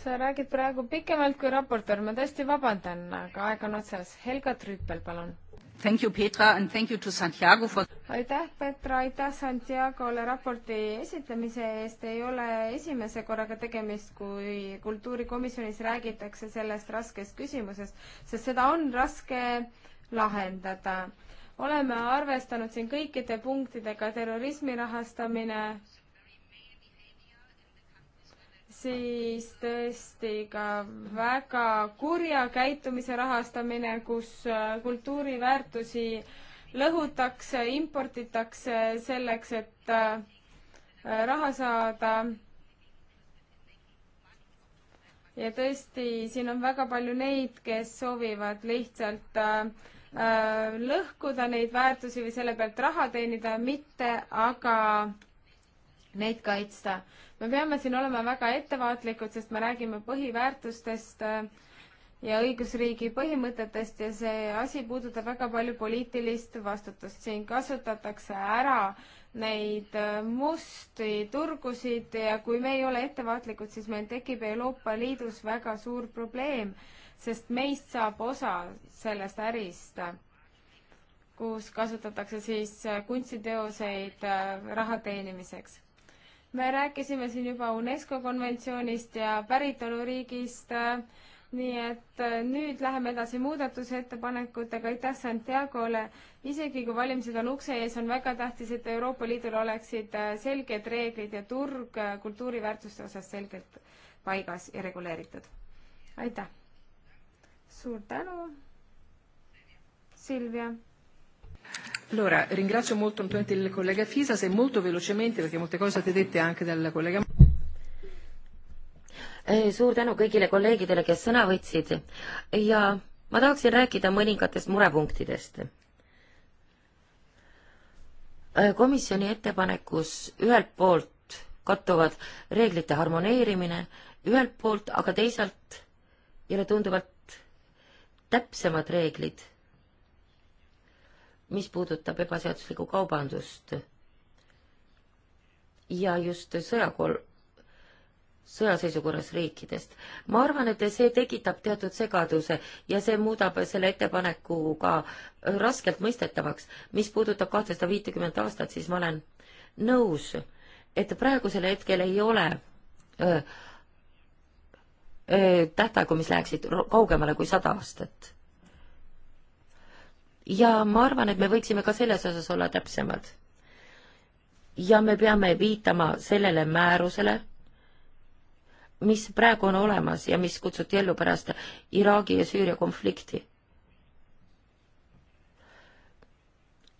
sa räägid praegu pikemalt kui raportöör, ma tõesti vabandan, aga aeg on otsas. Helga Trüüpel, palun. Thank you, Petra, and thank you to Santiago for aitäh, Petra, aitäh Santiago'le raporti esitlemise eest. ei ole esimese korraga tegemist, kui kultuurikomisjonis räägitakse sellest raskest küsimusest, sest seda on raske lahendada oleme arvestanud siin kõikide punktidega, terrorismi rahastamine, siis tõesti ka väga kurja käitumise rahastamine, kus äh, kultuuriväärtusi lõhutakse, imporditakse selleks, et äh, raha saada. ja tõesti, siin on väga palju neid, kes soovivad lihtsalt äh, Äh, lõhkuda neid väärtusi või selle pealt raha teenida, mitte aga neid kaitsta. me peame siin olema väga ettevaatlikud, sest me räägime põhiväärtustest äh, ja õigusriigi põhimõtetest ja see asi puudutab väga palju poliitilist vastutust. siin kasutatakse ära neid äh, musti turgusid ja kui me ei ole ettevaatlikud, siis meil tekib Euroopa Liidus väga suur probleem sest meist saab osa sellest ärist, kus kasutatakse siis äh, kunstiteoseid äh, raha teenimiseks. me rääkisime siin juba UNESCO konventsioonist ja päritoluriigist, äh, nii et nüüd läheme edasi muudatusettepanekutega, aitäh Santiago'le. isegi kui valimised on ukse ees, on väga tähtis, et Euroopa Liidul oleksid selged reeglid ja turg kultuuriväärtuste osas selgelt paigas ja reguleeritud. aitäh! suur tänu, Silvia. Allora, ringrazio molto naturalmente il collega Fisas e molto velocemente perché molte cose state dette anche dal collega. Eh, suur tänu kõigile kolleegidele, kes sõna võtsid ja ma tahaksin rääkida mõningatest murepunktidest. Eh, komisjoni ettepanekus ühelt poolt kattuvad reeglite harmoneerimine ühelt poolt, aga teisalt jälle tunduvalt täpsemad reeglid, mis puudutab ebaseaduslikku kaubandust ja just sõjakol-, sõjaseisukorras riikidest. ma arvan, et see tekitab teatud segaduse ja see muudab selle ettepaneku ka raskelt mõistetavaks. mis puudutab kahtesada viitekümmet aastat, siis ma olen nõus, et praegusel hetkel ei ole öö, tähtaegu, mis läheksid kaugemale kui sada aastat. ja ma arvan, et me võiksime ka selles osas olla täpsemad. ja me peame viitama sellele määrusele, mis praegu on olemas ja mis kutsuti ellu pärast Iraagi ja Süüria konflikti.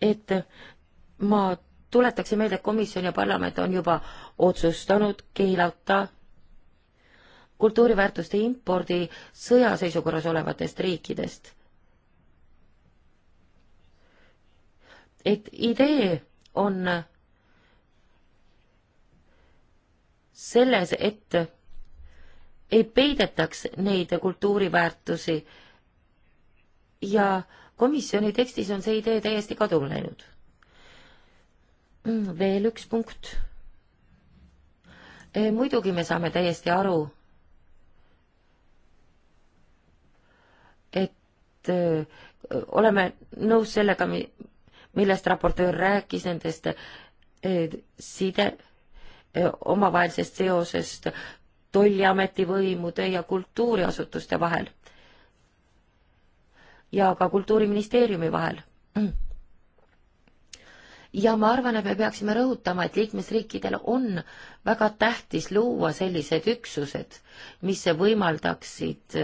et ma tuletaksin meelde, et komisjon ja parlament on juba otsustanud keelata kultuuriväärtuste impordi sõjaseisukorras olevatest riikidest. et idee on selles, et ei peidetaks neid kultuuriväärtusi ja komisjoni tekstis on see idee täiesti kaduma läinud. Mm, veel üks punkt. Eh, muidugi me saame täiesti aru et oleme nõus sellega, millest raportöör rääkis, nendest side, omavahelisest seosest tolliameti võimude ja kultuuriasutuste vahel ja ka Kultuuriministeeriumi vahel ja ma arvan, et me peaksime rõhutama, et liikmesriikidel on väga tähtis luua sellised üksused, mis võimaldaksid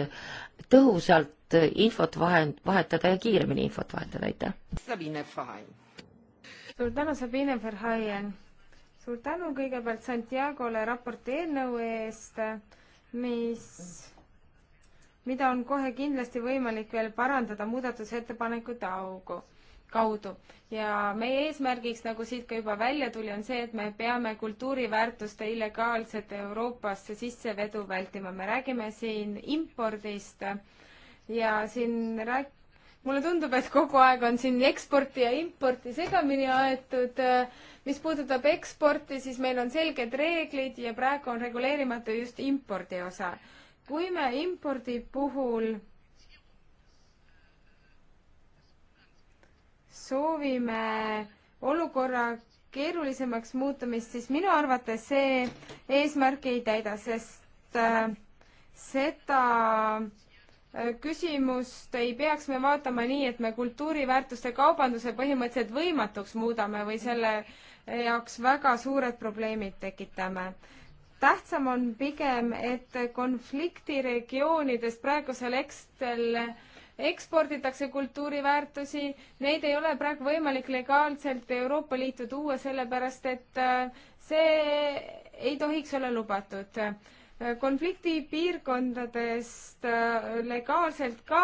tõhusalt infot vahend, vahetada ja kiiremini infot vahetada, aitäh! Sabine Fahain. suur tänu, Sabine Verhaien! suur tänu kõigepealt Santiago'le raporti eelnõu eest, mis mida on kohe kindlasti võimalik veel parandada muudatusettepanekute augu kaudu. ja meie eesmärgiks, nagu siit ka juba välja tuli, on see, et me peame kultuuriväärtuste illegaalset Euroopasse sissevedu vältima. me räägime siin impordist ja siin rääk-, mulle tundub, et kogu aeg on siin eksporti ja importi segamini aetud. mis puudutab eksporti, siis meil on selged reeglid ja praegu on reguleerimata just impordi osa. kui me impordi puhul soovime olukorra keerulisemaks muutumist, siis minu arvates see eesmärk ei täida, sest äh, seda äh, küsimust ei peaks me vaatama nii, et me kultuuriväärtuste kaubanduse põhimõtteliselt võimatuks muudame või selle jaoks väga suured probleemid tekitame. tähtsam on pigem, et konfliktiregioonides praegusel hetkel eksporditakse kultuuriväärtusi, neid ei ole praegu võimalik legaalselt Euroopa Liitu tuua, sellepärast et äh, see ei tohiks olla lubatud. konfliktipiirkondadest äh, legaalselt ka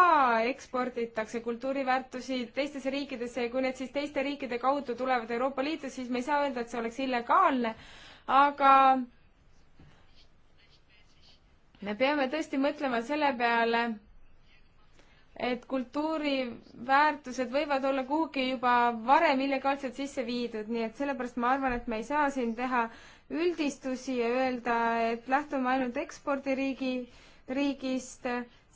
eksporditakse kultuuriväärtusi teistesse riikidesse ja kui need siis teiste riikide kaudu tulevad Euroopa Liitu, siis me ei saa öelda, et see oleks illegaalne, aga me peame tõesti mõtlema selle peale, et kultuuriväärtused võivad olla kuhugi juba varem illegaalselt sisse viidud, nii et sellepärast ma arvan, et me ei saa siin teha üldistusi ja öelda, et lähtume ainult ekspordiriigi, riigist,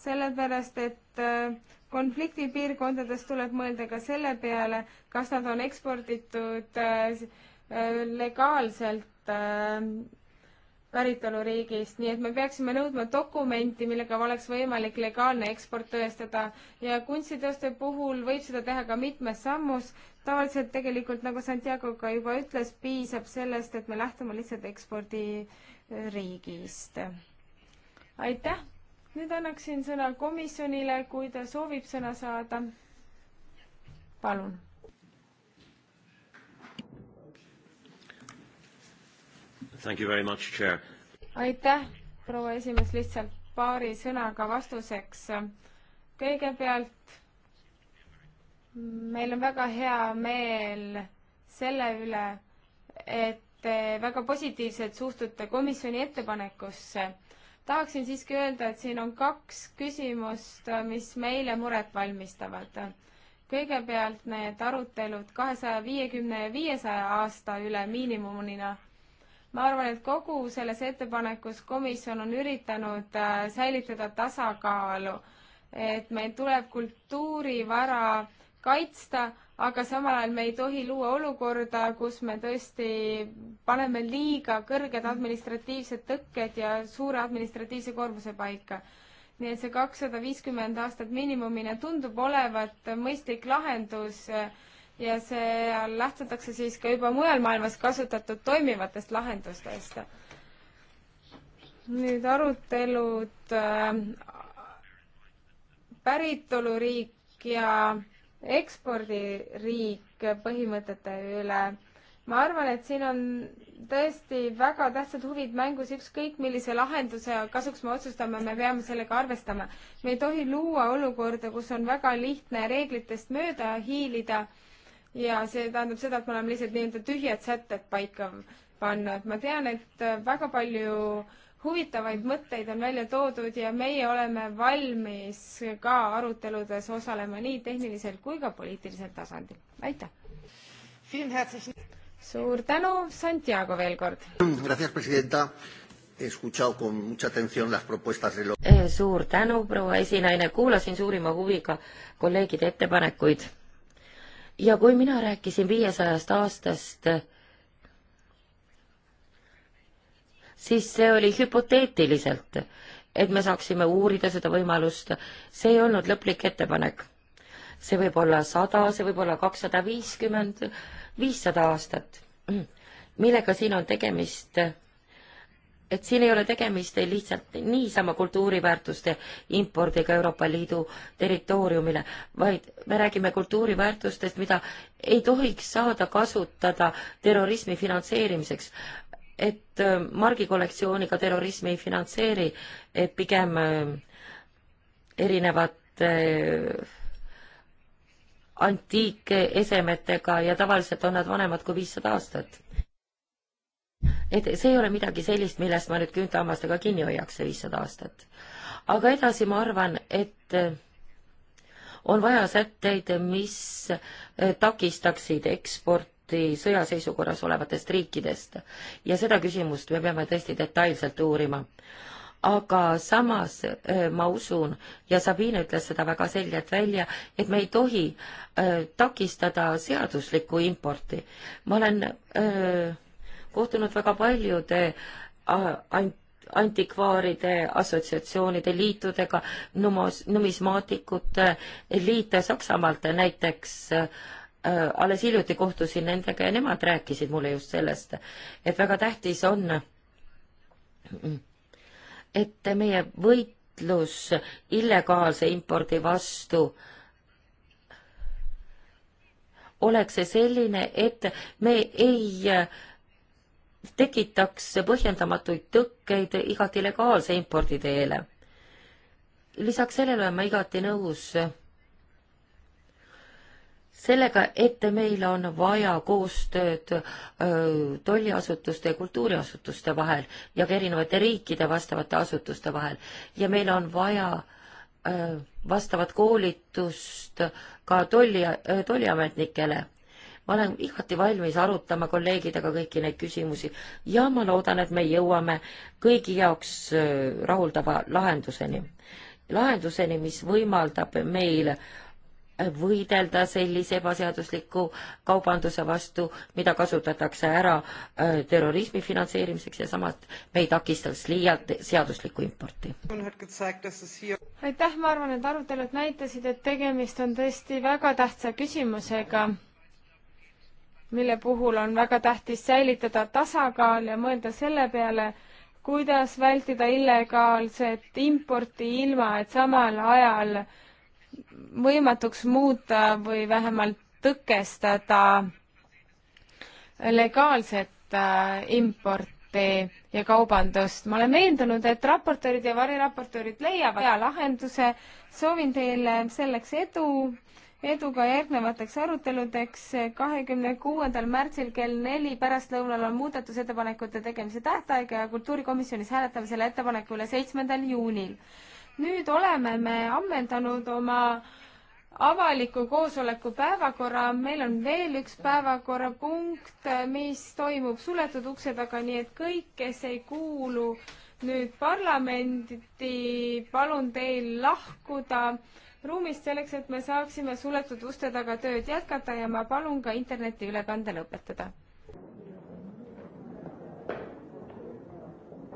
sellepärast et äh, konfliktipiirkondades tuleb mõelda ka selle peale, kas nad on eksporditud äh, legaalselt äh, päritoluriigist, nii et me peaksime nõudma dokumenti, millega oleks võimalik legaalne eksport tõestada ja kunstiteoste puhul võib seda teha ka mitmes sammus. tavaliselt tegelikult, nagu Santiago ka juba ütles, piisab sellest, et me lähtume lihtsalt ekspordiriigist. aitäh, nüüd annaksin sõna komisjonile, kui ta soovib sõna saada. palun Much, aitäh, proua esimees, lihtsalt paari sõnaga vastuseks. kõigepealt meil on väga hea meel selle üle, et te väga positiivselt suhtute komisjoni ettepanekusse. tahaksin siiski öelda, et siin on kaks küsimust, mis meile muret valmistavad. kõigepealt need arutelud kahesaja viiekümne ja viiesaja aasta üle miinimumina ma arvan, et kogu selles ettepanekus komisjon on üritanud äh, säilitada tasakaalu, et meil tuleb kultuurivara kaitsta, aga samal ajal me ei tohi luua olukorda, kus me tõesti paneme liiga kõrged administratiivsed tõkked ja suure administratiivse koormuse paika. nii et see kakssada viiskümmend aastat miinimumina tundub olevat mõistlik lahendus äh, ja seal lähtutakse siis ka juba mujal maailmas kasutatud toimivatest lahendustest. nüüd arutelud äh, päritoluriik ja ekspordiriik põhimõtete üle. ma arvan, et siin on tõesti väga tähtsad huvid mängus, ükskõik millise lahenduse kasuks me otsustame, me peame sellega arvestama. me ei tohi luua olukorda, kus on väga lihtne reeglitest mööda hiilida ja see tähendab seda, et me oleme lihtsalt nii-öelda tühjad sätted paika pannud. ma tean, et väga palju huvitavaid mõtteid on välja toodud ja meie oleme valmis ka aruteludes osalema nii tehnilisel kui ka poliitilisel tasandil. aitäh! suur tänu, Santiago veel kord! Eh, suur tänu, proua esinaine, kuulasin suurima huviga kolleegide ettepanekuid ja kui mina rääkisin viiesajast aastast, siis see oli hüpoteetiliselt, et me saaksime uurida seda võimalust, see ei olnud lõplik ettepanek. see võib olla sada, see võib olla kakssada viiskümmend, viissada aastat. millega siin on tegemist? et siin ei ole tegemist lihtsalt niisama kultuuriväärtuste impordiga Euroopa Liidu territooriumile, vaid me räägime kultuuriväärtustest, mida ei tohiks saada kasutada terrorismi finantseerimiseks. et äh, margikollektsiooniga terrorismi ei finantseeri, et pigem äh, erinevate äh, antiikesemetega ja tavaliselt on nad vanemad kui viissada aastat et see ei ole midagi sellist, millest ma nüüd küüntehammastega kinni hoiaks, see viissada aastat. aga edasi ma arvan, et on vaja sätteid, mis takistaksid eksporti sõjaseisukorras olevatest riikidest ja seda küsimust me peame tõesti detailselt uurima. aga samas äh, ma usun ja Sabine ütles seda väga selgelt välja, et me ei tohi äh, takistada seaduslikku importi. ma olen öö, äh, kohtunud väga paljude ah, ant-, antikvaaride assotsiatsioonide liitudega, numos, numismaatikute eh, liit Saksamaalt näiteks äh, alles hiljuti kohtusin nendega ja nemad rääkisid mulle just sellest, et väga tähtis on, et meie võitlus illegaalse impordi vastu oleks see selline, et me ei äh, tekitaks põhjendamatuid tõkkeid igati legaalse impordi teele. lisaks sellele olen ma igati nõus sellega, et meil on vaja koostööd tolliasutuste ja kultuuriasutuste vahel ja ka erinevate riikide vastavate asutuste vahel ja meil on vaja öö, vastavat koolitust ka tolli, tolliametnikele ma olen igati valmis arutama kolleegidega kõiki neid küsimusi ja ma loodan, et me jõuame kõigi jaoks äh, rahuldava lahenduseni. lahenduseni, mis võimaldab meil võidelda sellise ebaseadusliku kaubanduse vastu, mida kasutatakse ära äh, terrorismi finantseerimiseks ja samas me ei takistaks liialt seaduslikku importi. aitäh, ma arvan, et arutelud näitasid, et tegemist on tõesti väga tähtsa küsimusega mille puhul on väga tähtis säilitada tasakaal ja mõelda selle peale, kuidas vältida illegaalset importi ilma, et samal ajal võimatuks muuta või vähemalt tõkestada legaalset äh, importi ja kaubandust. ma olen veendunud, et raportöörid ja variraportöörid leiavad hea lahenduse. soovin teile selleks edu eduga järgnevateks aruteludeks. kahekümne kuuendal märtsil kell neli pärastlõunal on muudatusettepanekute tegemise tähtaeg ja kultuurikomisjonis hääletame selle ettepaneku üle seitsmendal juunil. nüüd oleme me ammendanud oma avaliku koosoleku päevakorra, meil on veel üks päevakorrapunkt, mis toimub suletud ukse taga, nii et kõik, kes ei kuulu nüüd parlamenti, palun teil lahkuda ruumist selleks, et me saaksime suletud uste taga tööd jätkata ja ma palun ka internetiülekande lõpetada